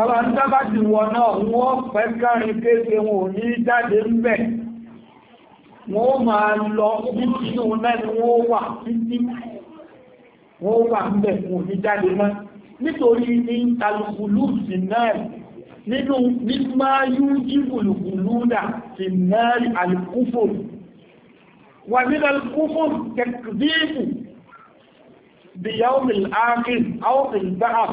Ọlọ́run tábà ti wọ̀ náà wọ́n pẹ́ kárin kéèkéé wọn wọ́n máa lọ nínú lẹ́nu wọ́n wà títí wọ́n wà ń fún òní jáde mọ́ nítorí ní alùpùlù sí nínú nígbà yóò jí gbùlùgbùlù dà sí náà wà nínú alùpùfò kẹkìdíìbù bìyàwó ìlàákìn àwọn ìgbáà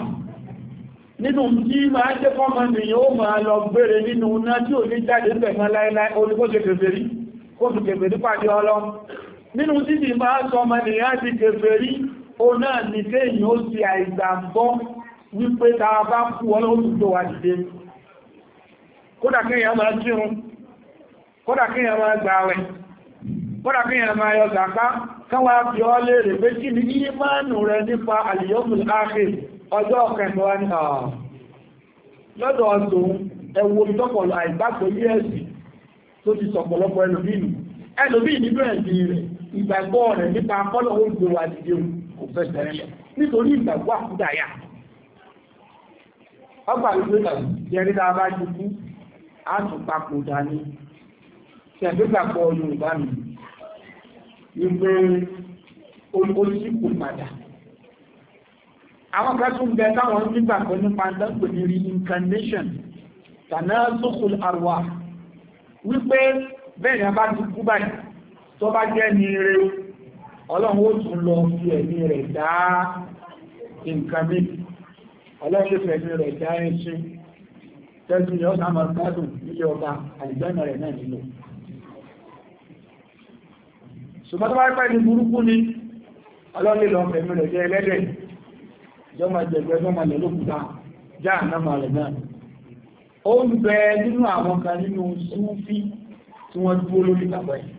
nínú tí máa jẹ́ fọ́mọ nìyàn ó máa lọ gbére nínú náà tí ò ní jáde bẹ̀ mọ́ láíláí olùkọ́ṣe kẹfẹ́ rí kó fi kèfèrí pàdé ọlọ́ nínú títì máa sọ ọmọ ènìyàn ti kèfèrí ó náà ní kéèyàn ó sì àìgbàgbọ́ wípé ta bá kú ọlọ́run tó wà dìde kódà kéèyàn máa kírun kódà kéèyàn máa gbààwẹ̀ kódà kéèyàn máa yọ zàká káwàá fi ọ́ léèrè pé kí ni yí máa nù rẹ nípa àlìyọ́mù láàrin ọjọ́ ọ̀kẹ́ ah, lọ́dọ̀ ọdún ẹwọ ìtọ́pọ̀lọ̀ àìgbàgbọ́ yẹ́ẹ̀sì tó ti sọ̀pọ̀lọpọ̀ ẹlòmínú ẹlòmíì nínú ẹ̀sìn rẹ̀ ìgbàgbọ́ rẹ̀ nípa fọ́lọ́wọ́ gbé wa dìde kò fẹsẹ̀ rẹ̀ nítorí ìgbàgbọ́ àkúdàyà ọgbà wípé jẹrí tá a bá ti kú á tún papò dání tẹ̀gbẹ́gbàgbọ́ Yorùbá mi wípé olùkóṣípò padà àwọn kan tún bẹ táwọn nígbàgbọ́ nípa dánpẹ̀ ní reincarnation tànà sókòlù àrùwà wípé bẹ́ẹ̀ ni a bá ti kú báyìí tó bá jẹ́ ní ire ọlọ́run ó tún lọ fi ẹ̀mí rẹ̀ dá nǹkan mi ọlọ́run fi ẹ̀mí rẹ̀ dá ẹṣin tẹ́sí ni ọ̀sán máa gbádùn nílé ọba àlìgbẹ́nà rẹ̀ náà nílò ṣùgbọ́n tó jọ́mọ̀ jẹ̀gbẹ́ jọ́mọ̀ lẹ́lókùta jáà náà rẹ̀ náà ó ń bẹ nínú àwọn kan nínú súnfí tí wọ́n dúró lórí bàbá yìí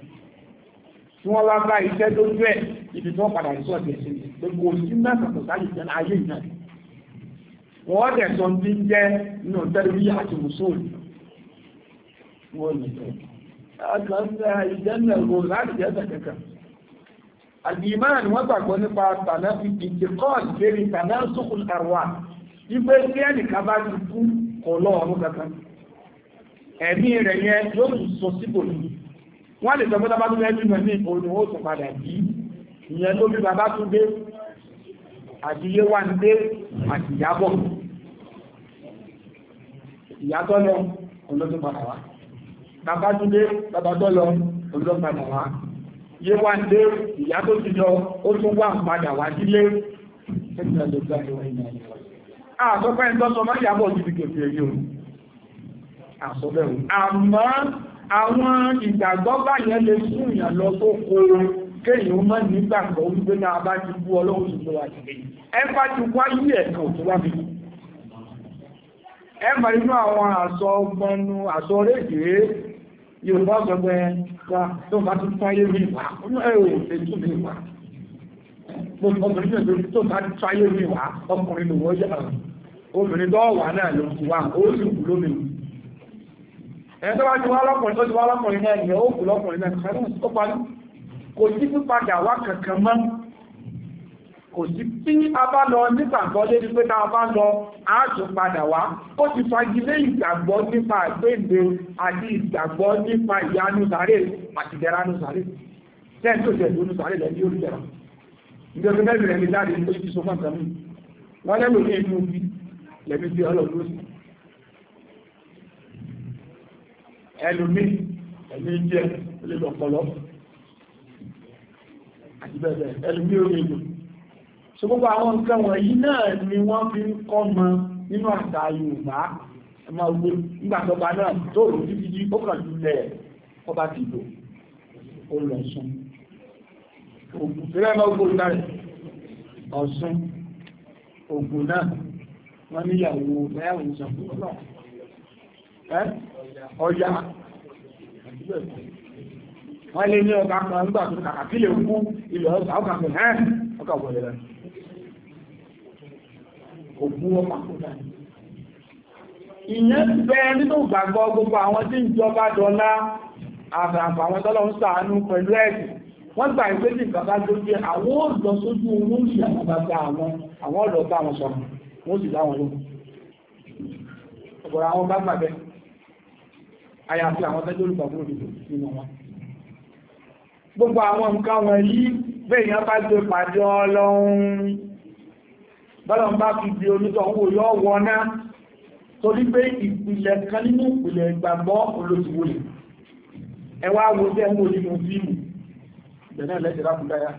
tí wọ́n wá bá iṣẹ́ tó bẹ̀ ibi tí wọ́n padà ń sọ̀tì ẹ̀sìn pé kò sí mẹ́ta kò sáyé ìjẹ́ ayé ìjẹ́ wọ́n dẹ̀ sọ ní jẹ́ nínú tẹ́lifí àti mùsùlùmí wọ́n ní àkàndà ìjẹ́nà ìgbò láti jẹ́ kẹ̀kẹ́ àdìmáàni wọ́n gbàgbọ́ nípa tànáfi ìtìkọ́ọ̀lù lérí tànáfi sókùn àrùwà ipé tí ẹnìkan bá ti kú kò lọ́wọ́ mú kankan ẹ̀mí rẹ̀ yẹn yóò sọ síbò ní wọ́n lè sọ pé tábà tó fẹ́ bímọ ní òun ó tún padà bí ìyẹn ló bí bàbá tún dé àti iye wà ní dé àti ìyábọ̀ ìyátọ́ lọ olóòtú padà wá bàbá tún dé bàbá tọ́ lọ olóòtú padà wá iye wà ní dé ìyá tó àsọpẹ́ ìtọ́sọ máa yàbọ̀ sí ìgbèfì èyí o àsọpẹ́rù àmọ́ àwọn ìgbàgbọ́ báyẹn lè fún ìyàn lọ tó kóró kéèyàn mọ́ nígbàgbọ́ wípé náà bá ti bú ọlọ́run ìlú àtìlẹ́yìn ẹ bá ti wáyé ẹ̀kan òtú wá mi ẹ mọ̀ nínú àwọn àsọ ọgbọnú àsọ rédè Yorùbá ọgbẹgbẹ wa tó bá tún gbogbo obìnrin náà lórí tó bá tráyé mi wá ọkùnrin lòwọ́ yà ọ̀rọ̀ obìnrin tó wà náà ló ti wá ó sì kú lómi ẹni tó bá ti wá lọ́kùnrin tó ti wá lọ́kùnrin náà ìyẹn ó kú lọ́kùnrin náà kẹrin ó parí kò sí pípadà wá kankan mọ́ kò sí tí a bá lọ nígbàgbọ́ lérí pé tá a bá lọ a tún padà wá ó ti fagilé ìgbàgbọ́ nípa àgbéǹde àti ìgbàgbọ́ nípa ìyanu sáré àti ìdẹ̀ranu sáré tẹ́ẹ̀ tó jẹ̀ lónú sáré lẹ́ni yóò dẹ̀rọ̀ ìjọba bẹ́ẹ̀ rẹ̀ mi láti ní ojú sọ fún àtàmì wọ́n lẹ́nu ní inú bí lẹ́bí bí ọlọ́run sí ẹlòmí ẹ̀mí jẹ́ olóòlù ọpọlọ àti bẹ́ẹ̀ bẹ́ẹ̀ ẹlòmí ò lè lò so gbogbo àwọn nǹkan wọ̀nyí náà ni wọ́n fi ń kọ́ mọ nínú àṣà Yorùbá ẹmọ ogbó nígbàtọ́ba náà tó rò títí ó kàn lulẹ̀ ọba tìbò ó lọ sùn ògùn ogun náà ọ̀sùn ògùn náà wọ́n níyàwó mẹ́rin ìṣàkóso náà ọjà wọ́n lè ní ọba tó kàkà kí lè kú ilẹ̀ ọ̀sà ọkà ẹ́ ọkà wọlé ìyẹn bẹ nínú ìgbàgbọ́ gbogbo àwọn tí ìjọba dọ́lá àtàkùn àwọn tọ́lọ́ ń ṣàánú pẹ̀lú ẹ̀sìn wọ́n gbà pé ní nǹkan bá dójú ẹ àwọn ò lọ sójú oorun ní àwọn bàbá àwọn àwọn ọ̀dọ́ bá wọn sọ̀rọ̀ wọ́n sì dáwọn lóhùn ọ̀gọ̀rọ̀ àwọn bá gbàgbẹ́ àyàfi àwọn tẹ́jọ́ olùgbàgbọ́ òdòdó nínú wọn gbogbo àwọn nǹkan wọn yìí bẹ́ẹ̀ yẹn bá gbé pàdé ọlọ́run bọ́lọ̀ bá fi di onítọ̀ owó yọ wọná torí pé ìpìlẹ̀ kan nínú ìpìlẹ̀ ìgbàgbọ́ olóṣùwòlè ẹwà wo jẹ́ mú onínú fíìmù bẹ̀rẹ̀ lẹ́sẹ̀ lákùndáyà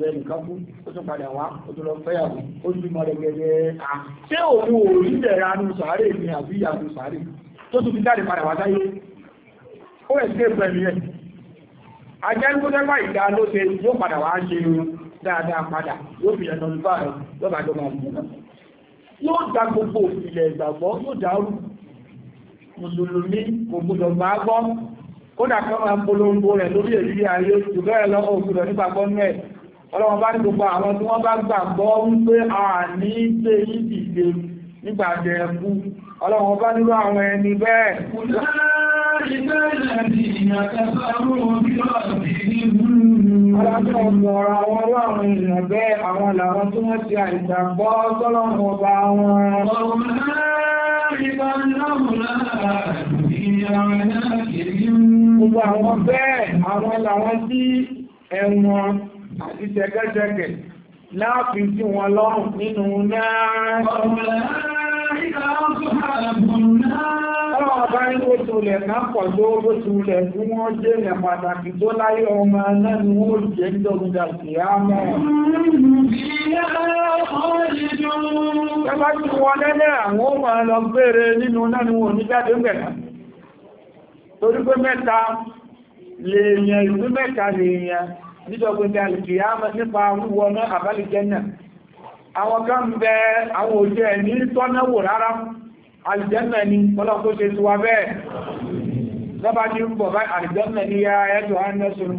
rẹ̀ nìkan kú ó tún padà wá ó tún lọ fẹ́yàwó ó tún bímọ rẹ̀ gẹ́gẹ́ à ṣé òun ò rí ìdẹ̀ra nu sàárè ni àbí ìyá nu sàárè tó tún fi jáde padà wá sáyé ó rẹ̀ sí pẹ̀lú ẹ̀ ajá ń gbọ́dọ̀ bá ìdá ló ṣe yóò padà wá ṣe dáadáa padà yóò fi ẹ̀nà nípa rẹ̀ lọ́ba jọ máa mú yóò da gbogbo ìpìlẹ̀ ìgbàgbọ́ yóò dárú mùsùlùmí kò gbọdọ̀ máa kódà kan máa polongo rẹ̀ lórí èyí ayé jù bẹ́ẹ̀ lọ òkúrò nígbàgbọ́ ní ẹ̀ ọlọ́wọ́n bá ní gbogbo àwọn tí wọ́n bá gbàgbọ́ wípé a ní gbé yí dìde nígbà jẹ ẹkú bá nílò àwọn ẹni bẹ́ẹ̀ Alájọ́ ọmọ ọ̀rọ̀ àwọn Ọmọ náà rí bá náà mú Gbogbo àwọn bẹ́ẹ̀ àwọn làwọn sí ẹ̀wọ̀n àti tẹ̀kẹ́tẹ̀kẹ̀ láàfin tí wọn lọ́rùn nínú náà. Ọlọ́ọ̀bá ní ó tulẹ̀ náà pọ̀ tó ó tulẹ̀ tí wọ́n jẹ́ ilẹ̀ pàtàkì tó láyé ọmọ náà ni wọ́n jẹ́ ń sí àmọ́. Ẹgbẹ́ tí wọ́n lẹ́lẹ́ àwọn ọmọ lọ gbére nínú náà ni torí pé mẹ́ta lèèyàn ìlú mẹ́ta lèèyàn nítorí pé alìkìyàmọ̀ nípa wíwọ náà àbálìjẹ́ náà àwọn kan bẹ àwọn òjò ẹ̀ ní tọ́náwò rárá alìjẹ́nà ni ọlọ́pọ̀ ṣe tí wà bẹ́ẹ̀ lọ́bá ní pọ̀ bá alìjẹ́nà ni ya ẹ́tù anẹ́sùn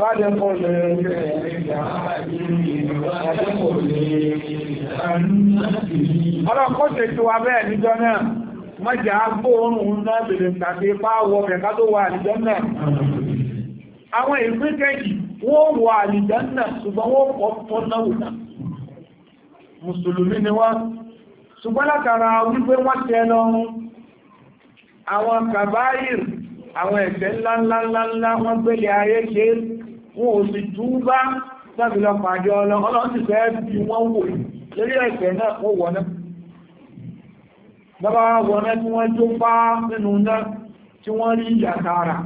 Bájẹ́ kò lè ọlọ́kọ́ ṣe tí wa bẹ́ẹ̀ níjọ́ náà, mọ́jà agbóòrùn náà bèèrè tàbí páwọ mẹ́ká tó wà àlìjọ́ náà. Àwọn ìpín kẹ́kì wọ́n wà àlìjọ́ náà ṣùgbọ́n wọ́n kọ́ fún náà náà. Mùsùlùmí ni wọ́n, ṣùgbọ́n látara wípé wọ́n tẹ́ lọ́run, wọn ò sì tún bá láti lọ pàdé ọlọ́run sì bí wọ́n wò lórí ẹ̀ṣẹ̀ náà ó wọ̀ bàbá wọ̀ tí wọ́n jó bá nínú náà tí wọ́n rí yàtàrà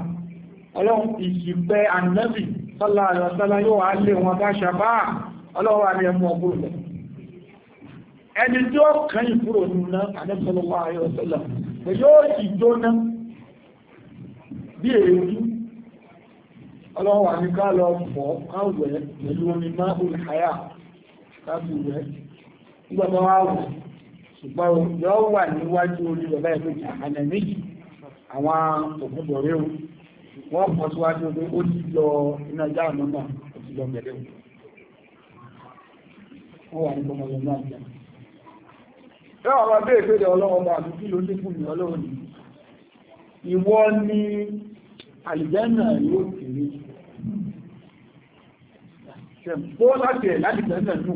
ọlọ́run ìṣìpẹ̀ ànábì sọ́lá àlọ́sọ́lá yóò wá ọlọ́run wà ní ká lọ fọ́ káwẹ̀ pẹ̀lú omi máa ń háyà láti wẹ̀ nígbàtà wá wẹ̀ ṣùgbọ́n yọ wà níwájú orí rẹ̀ báyìí pé àhànà méjì àwọn òkúbọ̀ rẹ̀ wọ́n pọ̀ síwájú pé ó ti lọ iná já àmọ́ náà ó ti lọ bẹ̀rẹ̀ wọ́n wà ní kọmọlọ náà jẹ́ Ẹ ọ̀rọ̀ bẹ́ẹ̀ pé ọlọ́run bá àdúgbò ló ní fún mi ọlọ́run ìwọ ni àlìjẹ́nà yóò kéré ṣẹ̀pọ̀ láti ẹ̀ láti jẹ́nà nù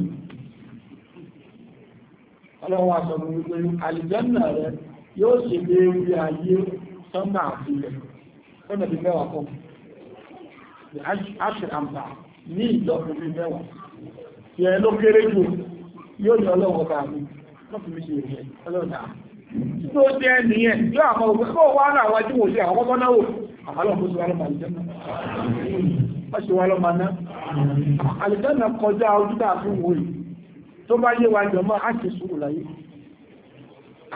ọlọ́wọ́ àṣọ́nà wípé àlìjẹ́nà rẹ yóò ṣe lé orí ayé sọ́nà àfilẹ̀ sọ́nà bí mẹ́wàá kọ́ aṣìkàmbà ní ìjọpin bí mẹ́wàá tí ẹ ló kéré jù yóò ní ọlọ́wọ́ bá mi lọ́pù mi ṣe ìrìn ọlọ́dà tó jẹ́ àmọ́ òpin kó wá náà wájú wò àwọn ọmọ náà alọ́mọdé wà lọ́mọ àlìjẹ́nà ọṣẹ wà lọ́mọ aná àlìjẹ́nà kọjá ojú tá a fi wòye tó bá yé wa jọ mọ́ a ṣe sùúrù láyé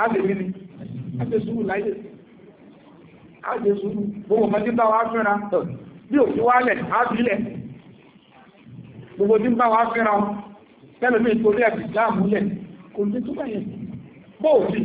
a lè rí ni a ṣe sùúrù láyé a ṣe sùúrù gbogbo ọmọdé bá wa fẹ́ra bí òfin wa lẹ̀ á fi lẹ̀ gbogbo tí ń bá wa fẹ́ra wọn tẹ́lẹ̀ mi torí ẹ̀bì dáàmú lẹ̀ kò ní túbọ̀ yẹn bó òfin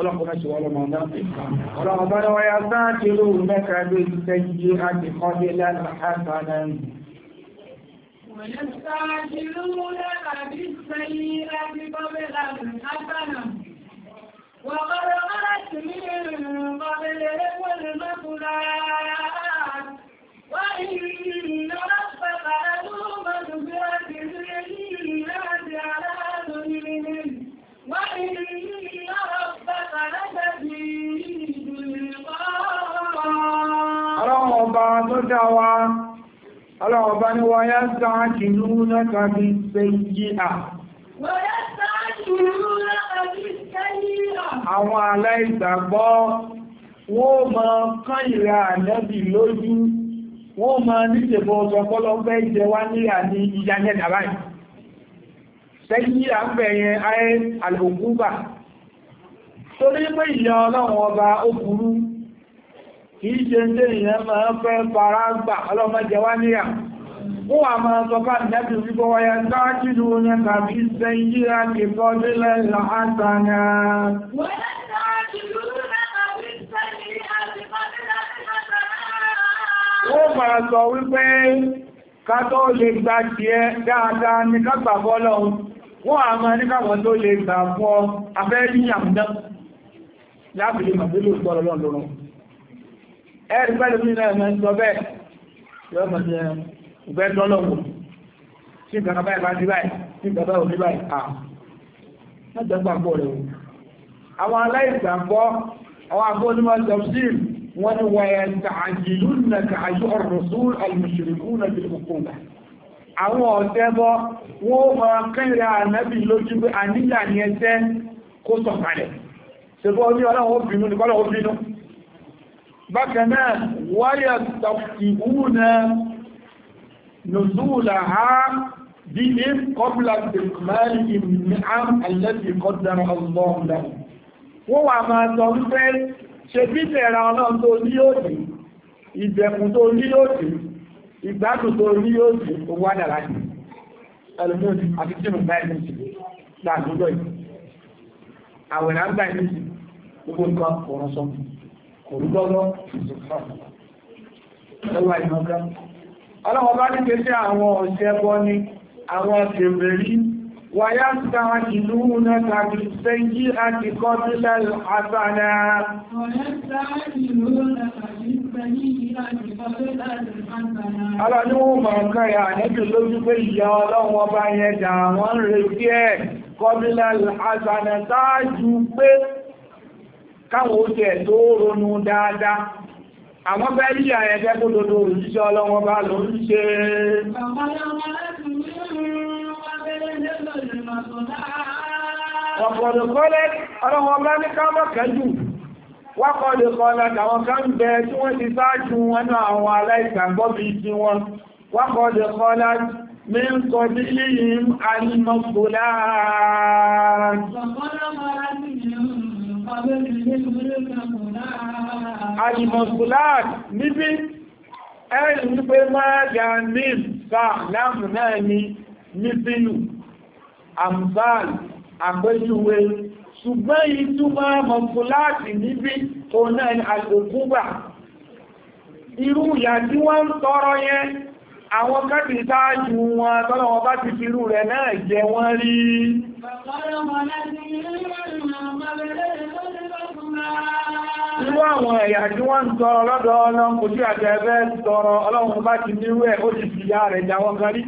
ọlọ́pàá wáyá sáàkìrò mẹ́ta ló ṣe yí àti kọ́lé lẹ́nà àtàrà ní وقد مرت من قبلهم المثلات وإن ربك ọba ni wọ́n yá sáà kì ní lọ́ta bí ṣe yí à àwọn aláìgbàgbọ́ wọ́n ma kán ìrà ànẹ́bì lójú wọ́n ma níṣẹ̀bọ̀ ọ̀sọ̀pọ̀lọ́ fẹ́ jẹ wá níyà ní ìyànjẹ́ dàbáyì sẹ́yí àfẹ́yẹn ayé àlòkúbà torí pé ìyà ọlọ́run ọba ó burú kìí ṣe ń dé ìyẹn máa fẹ́ fara gbà ọlọ́mọ jẹ wá níyà ó wà máa sọ bá ìdájú wípọ́ wáyé dájúdú ní tàbí sẹ́yí àti bọ́dílẹ̀ àtànà ó máa sọ wípé kátó lè gba ti ẹ dáadáa ní kápà bọ́lọ̀ wọ́n a máa ní káwọn tó lè gbà fọ́ abẹ́rí àmúdá láàbìlì màbílù mọ̀ sí ẹ̀rùn ìfẹ́ tọ́lọ́wọ́ sí ìgbàgbà báyìí bá ti báyìí sí ìgbàgbà òní báyìí à mẹ́jọ gbàgbọ́ rẹ̀ àwọn aláìgbàgbọ́ àwọn agbóhùnmọ́ tafsir wọ́n ni wọ́n yẹn tààjìlú nà tààjú ọ̀rọ̀ sún àlùmùsùlùkù nà ọ̀tẹ́bọ́ wọ́n máa kẹ́rẹ̀ ànábì lójú pé àníyàn ni ẹsẹ́ kó sọ̀kalẹ̀ ṣebọ́ ní ọlọ́run obìnú ní kọ́lọ̀ obìnú bákan náà wáyà نزولها ha bí i kọ́bílà tẹ̀kùnmáàlì ìmìnìyàn alẹ́bí kọ́dára ọlọ́ọ̀lá wọ́n wà máa sọ wípé ṣe bí tẹ̀ra ọlọ́run tó ní òdì ìdẹ̀kùn tó ní òdì ìgbádùn tó ní òdì owó àdàrà ní ẹlùmọ́ni àti tí mo báyìí méjì láàdúgbò yìí àwẹ̀rẹ̀ àgbà méjì gbogbo nǹkan kọ̀ọ̀rọ̀ sọ ọlọ́wọ́ bá ní pẹ́sẹ́ àwọn ọ̀ṣẹ́bọ ni àwọn kèfèrí wáyá sáà ìlú náà tàbí sẹ́yí àti kọ́tílẹ̀ àtàdá aláníwò mọ̀ǹkan yà níbi lójú pé ìyá ọlọ́wọ́ bá yẹn dà wọ́n retí ẹ̀ kọ́tílẹ̀ àtàdá sáájú pé káwọn ó tẹ̀ tó ronú dáadáa àwọn bẹ́ rí ààrẹ jẹ́ kó dodo òjíṣẹ́ ọlọ́wọ́n bá ló ń ṣe ọ̀pọ̀lọpọ̀lẹ́ ọlọ́wọ́n bá ní káàmọ̀ kẹjù wákọ̀lẹ̀kọ̀lẹ̀ àwọn kan bẹ tí wọ́n ti sáájú wọnú àwọn aláìgbàgbọ́ bí i tí wọ́n wákọ̀lẹ̀kọ̀lẹ̀ mi ń kọ bí líyìn alìmọ̀kùnlá Àjìmọ̀sùláàt níbi ẹ̀rì wípé máa yà ní ìsáàlámù náà ni mísílù, àmsáàl, àgbéjúwé, ṣùgbọ́n ìtumọ̀ mọ̀sùláàtì níbi òun náà ni àjòkúgbà. Irú ìyà tí wọ́n ń tọrọ yẹn àwọn kẹ́bì táájú wọn tọ́lọ̀wọ́ bá ti firú rẹ̀ náà jẹ wọ́n rí irú àwọn ẹ̀yà tí wọ́n ń tọrọ lọ́dọ̀ ọlọ́run kò tí àjẹ́ ẹgbẹ́ tọrọ ọlọ́run bá ti nírú ẹ̀ ó ti fi ya rẹ̀ jà wọ́n garí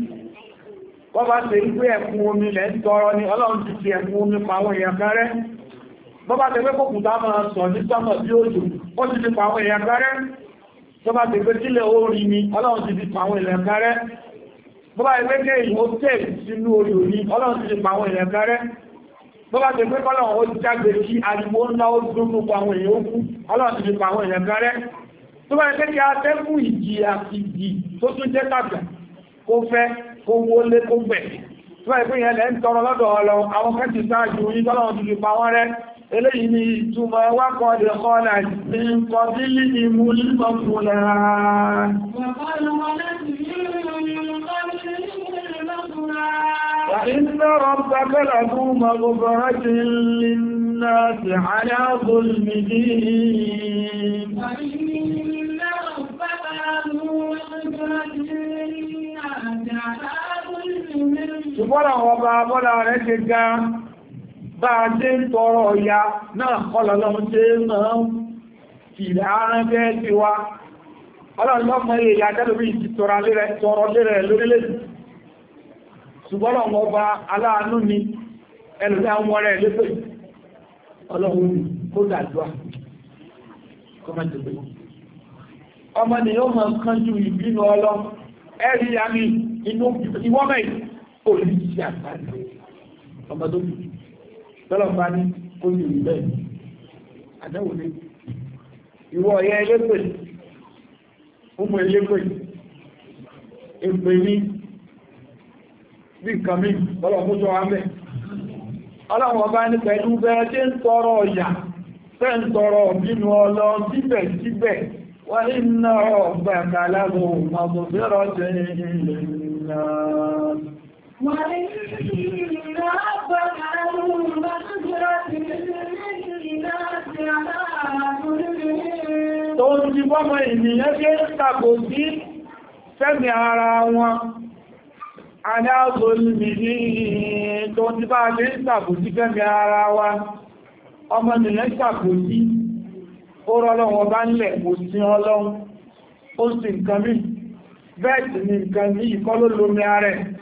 wọ́n bá ṣe wípé ẹ̀kún omi lẹ̀ ń tọrọ ni ọlọ́run ti fi ẹ̀kún omi pa àwọn èèyàn kan rẹ́ bọ́ bá ṣe pé kòkùtà máa sọ ní sọ́mọ̀ bí ó jù ó ti fi pa àwọn èèyàn kan rẹ́ tọ́bá ti gbé sílẹ̀ orí mi ọlọ́run ti ti pàwọn ilẹ̀ kárẹ́ bọ́bá ti gbé kí èyí sínú orí òní ọlọ́run ti ti pàwọn ilẹ̀ kárẹ́ bọ́bá ti gbé kọ́lọ̀run ó jágbe kí ariwo ńlá ó dúnú pàwọn èyí ó ọlọ́run ti ti pàwọn ilẹ̀ kárẹ́ eléyìí ni ìtumọ̀ wákọ̀ ọdẹ̀ kọ́lá ní kọbílì ní mú lípọ̀ fúnlá وَإِنَّ رَبَّكَ لَذُو مَغْفِرَةٍ لِلنَّاسِ عَلَى ظُلْمِهِمْ وَإِنَّ رَبَّكَ لَذُو مَغْفِرَةٍ لِلنَّاسِ عَلَى ظُلْمِهِمْ ṣùgbọ́n àwọn ọba abọ́lá rẹ̀ ṣe gan bá a ṣe ń tọrọ ọ̀yá náà kọlọ̀lọ́run ṣe máa ń fìlà aránfẹ́ sí wa ọlọ́lọ́mọ èèyàn adẹ́lórí ti tọrọ lérẹ̀ lórílẹ̀-èdè ṣùgbọ́n ọba aláàánú ni ẹlùmí àwọn ọ̀rẹ́ lépè ọlọ́run kó dàdúà kọmọdébé ọmọ ni yóò tọ́lọ̀mbá ní kó ní ìbẹ̀ àdáwò ní ìwọ ọ̀yẹ́ ẹlẹ́gbẹ̀ ọmọ ẹlẹ́gbẹ̀ èpè ní bí nǹkan mí ọlọ́mọ́jọ́ wa mẹ́ ọlọ́wọ́ bá ní pẹ̀lú bẹ́ẹ̀ tí ń tọrọ ọ̀yà fẹ́ ń tọrọ nínú ọlọ síbẹ̀ síbẹ̀ wọ́n iná ọgbà kàlágùn ọmọbìnrin ọjọ́ ìrìnlẹ̀ náà Tó ń jí bọ́mọ ènìyàn ṣe ń tàbò sí fẹ́mì ara wọn, aláàbò lùmìdí tó ń jí bá ṣe ń tàbò sí fẹ́mì ara wa, ọmọ ènìyàn tàbò sí, ó rọ́lọ́wọ́ bá nílẹ̀ kò sí ọlọ́run, ó sì nǹkan mí, bẹ́ẹ̀ sì ni nǹkan mí ìkọ́ ló lómi ara rẹ̀.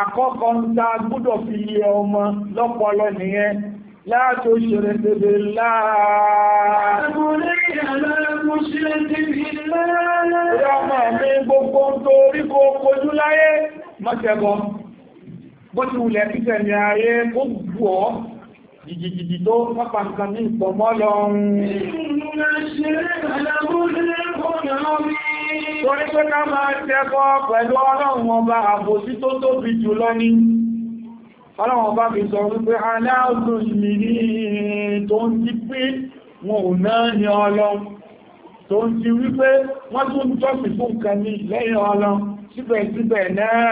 àkọ́kọ́ ń ta gbọ́dọ̀ fi yẹ ọmọ lọ́pọlọ nìyẹn láti òṣèrè tèbè láàá Bọ́tí wùlẹ̀ títẹ̀ ní ayé ó gbọ́ jìjìjìjì tó pápá nǹkan ní ìpọ̀mọ́ lọ Torí pé ká máa tẹ́kọ́ pẹ̀lú ọlọ́run ọba àbòsí tó tóbi jù lọ ní. Ọlọ́run ọba fi sọ wípé aláàdùn ìmìnirí tó ń ti pé wọn ò náà ní ọlọ́run tó ń ti wípé wọ́n tún jọ́sìn fún nǹkan ní lẹ́yìn ọlọ síbẹ̀síbẹ̀ náà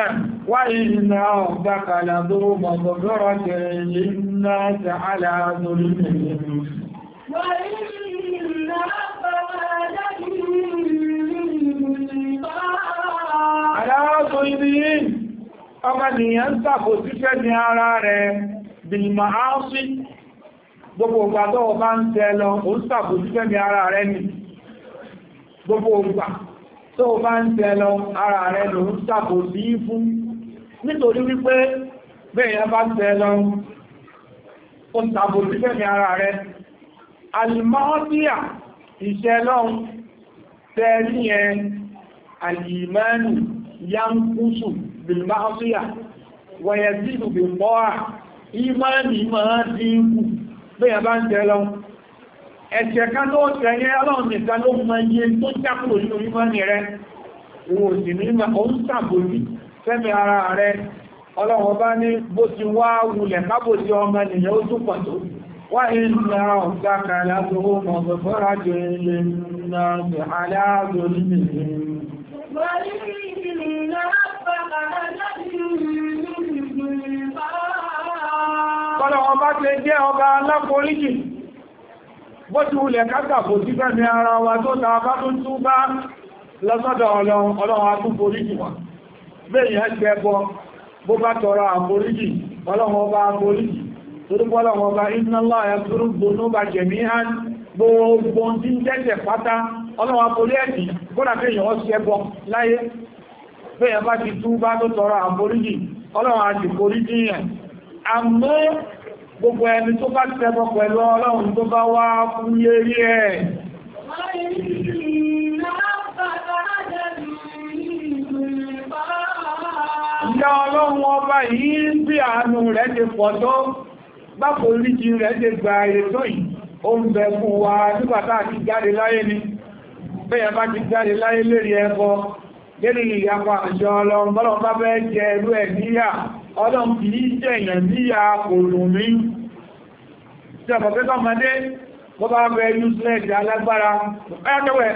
wáyé iná ọ̀gbà kàlàdó mọ̀gbọ̀gbọ́rọ̀ tẹ̀lé iná tààlà lórí mẹ́rin wáyé iná bàbá Aláàtò ibi yìí, ọmọnìyàn ń tàkò síṣẹ́ ní ara rẹ̀, bìlìmọ̀ áásí, gbogbo ìgbàtọ̀ ọba ń tẹ lọ, ó ń tàkò síṣẹ́ ní ara rẹ̀ nìí gbogbo ògbà tó bá ń tẹ lọ ara rẹ̀ ló ń sàbò sí fún nítorí wípé bẹ́ẹ̀yàn bá tẹ lọ ó sàbò sí fẹ́mi ara rẹ̀ alìmọ́ọ́díà ìṣẹ́ lọ́n tẹ ní ẹ alìmọ́nù yankusu bilmaọ́díà wọ̀yẹ̀ sí ìbìmọ́ra ìmọ́ni máa ẹ̀ṣẹ̀ kan tó tẹ̀yẹ ọlọ́run nìkan ló mọ iye tó jápò nínú mímọ́ ní rẹ ìwò sì ní ó ń sàbòlì fẹ́mi ara rẹ ọlọ́run bá ní bó ti wá wulẹ̀ kábòsí ọmọ ènìyàn ó túpọ̀ tó wá ìlú ara ọ̀gá kan láti owó mọ̀ bẹ̀fọ́ra jọ ilé náà ní aláàbò nínú ìlú Kọ́lọ̀ ọba ti jẹ́ ọba alákòóríjì bó ti wulẹ̀ kágbà kò sí fẹ́mi ara wa tó ta bá tó tún bá lọ́sọ́dọ̀ ọlọ́run atúforíjì wọn bẹ́ẹ̀ yẹn gbẹ bọ bó bá tọrọ àforíjì ọlọ́run ọba àforíjì torípọ́ ọlọ́run ọba inna Allah yaghfiru dhunuba jami'an gbogbo tí ń tẹ́tẹ̀ pátá ọlọ́run àforí ẹ̀sìn kódà pé èèyàn ṣe bọ láyé bẹ́ẹ̀ bá ti tún bá tó tọrọ àforíjì ọlọ́run àti foríjì yẹn àmọ́ gbogbo ẹni tó bá tẹ́bọ̀ pẹ̀lú ọlọ́run tó bá wá fún lérí ẹ̀ ìyá ọlọ́run ọba yìí bí àánú rẹ̀ ti pọ̀ tó bákò ríjì rẹ̀ ti gba ètò yìí ó ń bẹ fún wa nígbàtà àti jáde láyé ni bẹ́yẹ bá ti jáde láyé lérí ẹ̀kọ́ lérí ìyàpá àjọ ọlọ́run bọ́lọ̀ bá bẹ́ jẹ ẹrú ẹ̀ níyà ọlọ́run kì í jẹ́ èèyàn ní ya kò dùn mí tí ọ̀pọ̀ pé tọ́mọdé bó bá rẹ useless alágbára ẹ̀yàkẹ́wẹ̀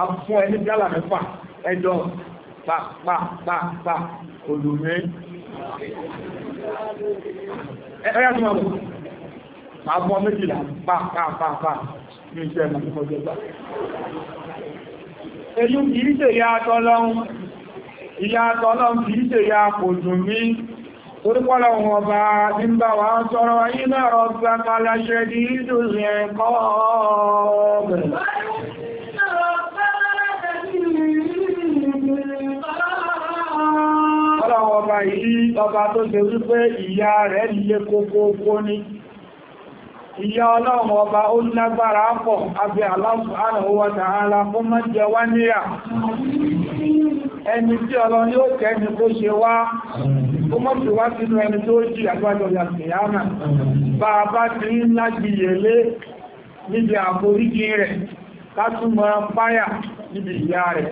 àfún ẹni jálà mẹ́fà ẹjọ́ pàpàpàpà kò dùn mí ẹ̀yà tó máa bọ̀ méjìlá pàpàpàpà ní iṣẹ́ ìmọ̀ ìyá tọ́lọ́ fi ṣe ya kò dùn mí torípọ́lọ̀ wọn bá nígbà wà sọ́rọ̀ iná rọ̀gbà kaláṣẹ́ di ìdòrìn ẹ̀kọ́ ọ̀bẹ̀ ọlọ́wọ́ bá yìí ọba tó ṣe wípé ìyá rẹ̀ lè kókó kó ní ìyá ọlọ́run ọba ó lágbára pọ̀ abẹ́ Allah subhanahu wa ta'ala fún mọ́jẹ wá níyà ẹni tí ọlọ́run yóò kẹ́ni tó ṣe wá ó mọ́ sí wá sínú ẹni tó jí àgbájọ yàtìyàmà bá a bá ti ń lágbìyèlé níbi àforíkí rẹ̀ látúmọ̀ páyà níbi ìyá rẹ̀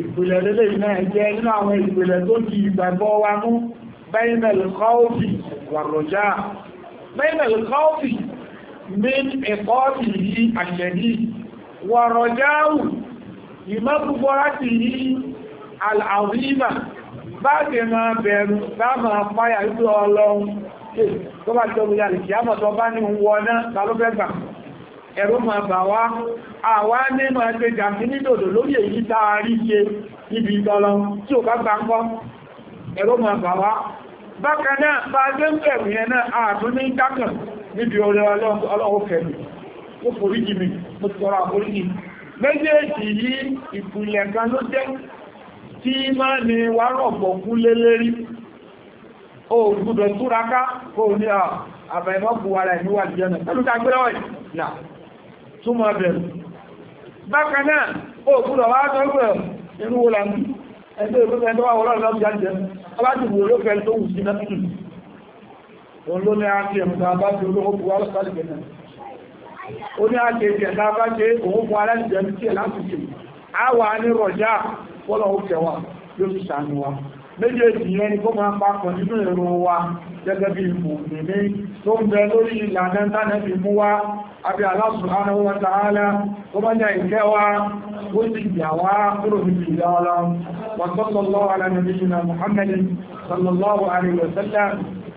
ìpìlẹ̀ lélẹ̀ náà jẹ́ nínú àwọn ìpìlẹ̀ tó di ìgbàgbọ́ wa mú bẹ́ẹ̀mẹ̀lì kọ́ọ̀fì wà rọ̀já kọ́ọ̀fì من ẹ̀kọ́ọ̀tì الشديد àṣẹ̀dí wọ̀rọ̀jáwù العظيمة yìí al'àwíma bá ti máa bẹ̀rù bá máa fáyà ìlú ọlọ́run tó bá jọ bóyá lè kíyàmọ̀ tó bá ní wọná tàlóbẹ́gbà ẹ̀rọ máa bà wá àwá ní máa ṣe jàmí nídòdò lórí èyí táàrí ṣe níbi ìtọ́lọ tí ò bá gbà ń kọ́ ẹ̀rọ máa bà wá bákan bá gbé ń bẹ̀rù yẹn náà ààtún dákàn níbi orí ọlọ́ọ̀fẹ́mi ó foríjì mi mo ti tọrọ àforíjì méjèèjì yìí ìpìlẹ̀ kan ló jẹ́ tí má ní wà rọ̀pọ̀ kú lélérí o gbúdọ̀ túraká kó ní àbẹ̀mọ́kù wà rẹ̀ níwà jẹ́nà pẹ̀lúta gbẹ́rẹ̀wẹ̀ náà túnmọ̀ bẹ̀rù bákan náà o gbúdọ̀ wá tọ́gbẹ̀ inú òun ló ní àti ẹ̀mùta bá ti olówó bu wá lọ́sàlì gẹ̀ẹ́nà ó ní àti ẹ̀jẹ̀ tá bá jẹ́ òun bu aláìjẹ́ ní tíẹ̀ láti jù á wà ní rọ̀já fọ́lọ̀ ó kẹwà yóò ti sàánú wa méjèèjì yẹn ni kó máa papọ̀ nínú èrò wa gẹ́gẹ́ bí ipò mímí tó ń bẹ lórí ìlànà tánẹ́bì mú wá àbí Allah subhanahu wa ta'ala tó jẹ́ ìkẹ́ wa ó sì yà wá kúrò níbi ìyá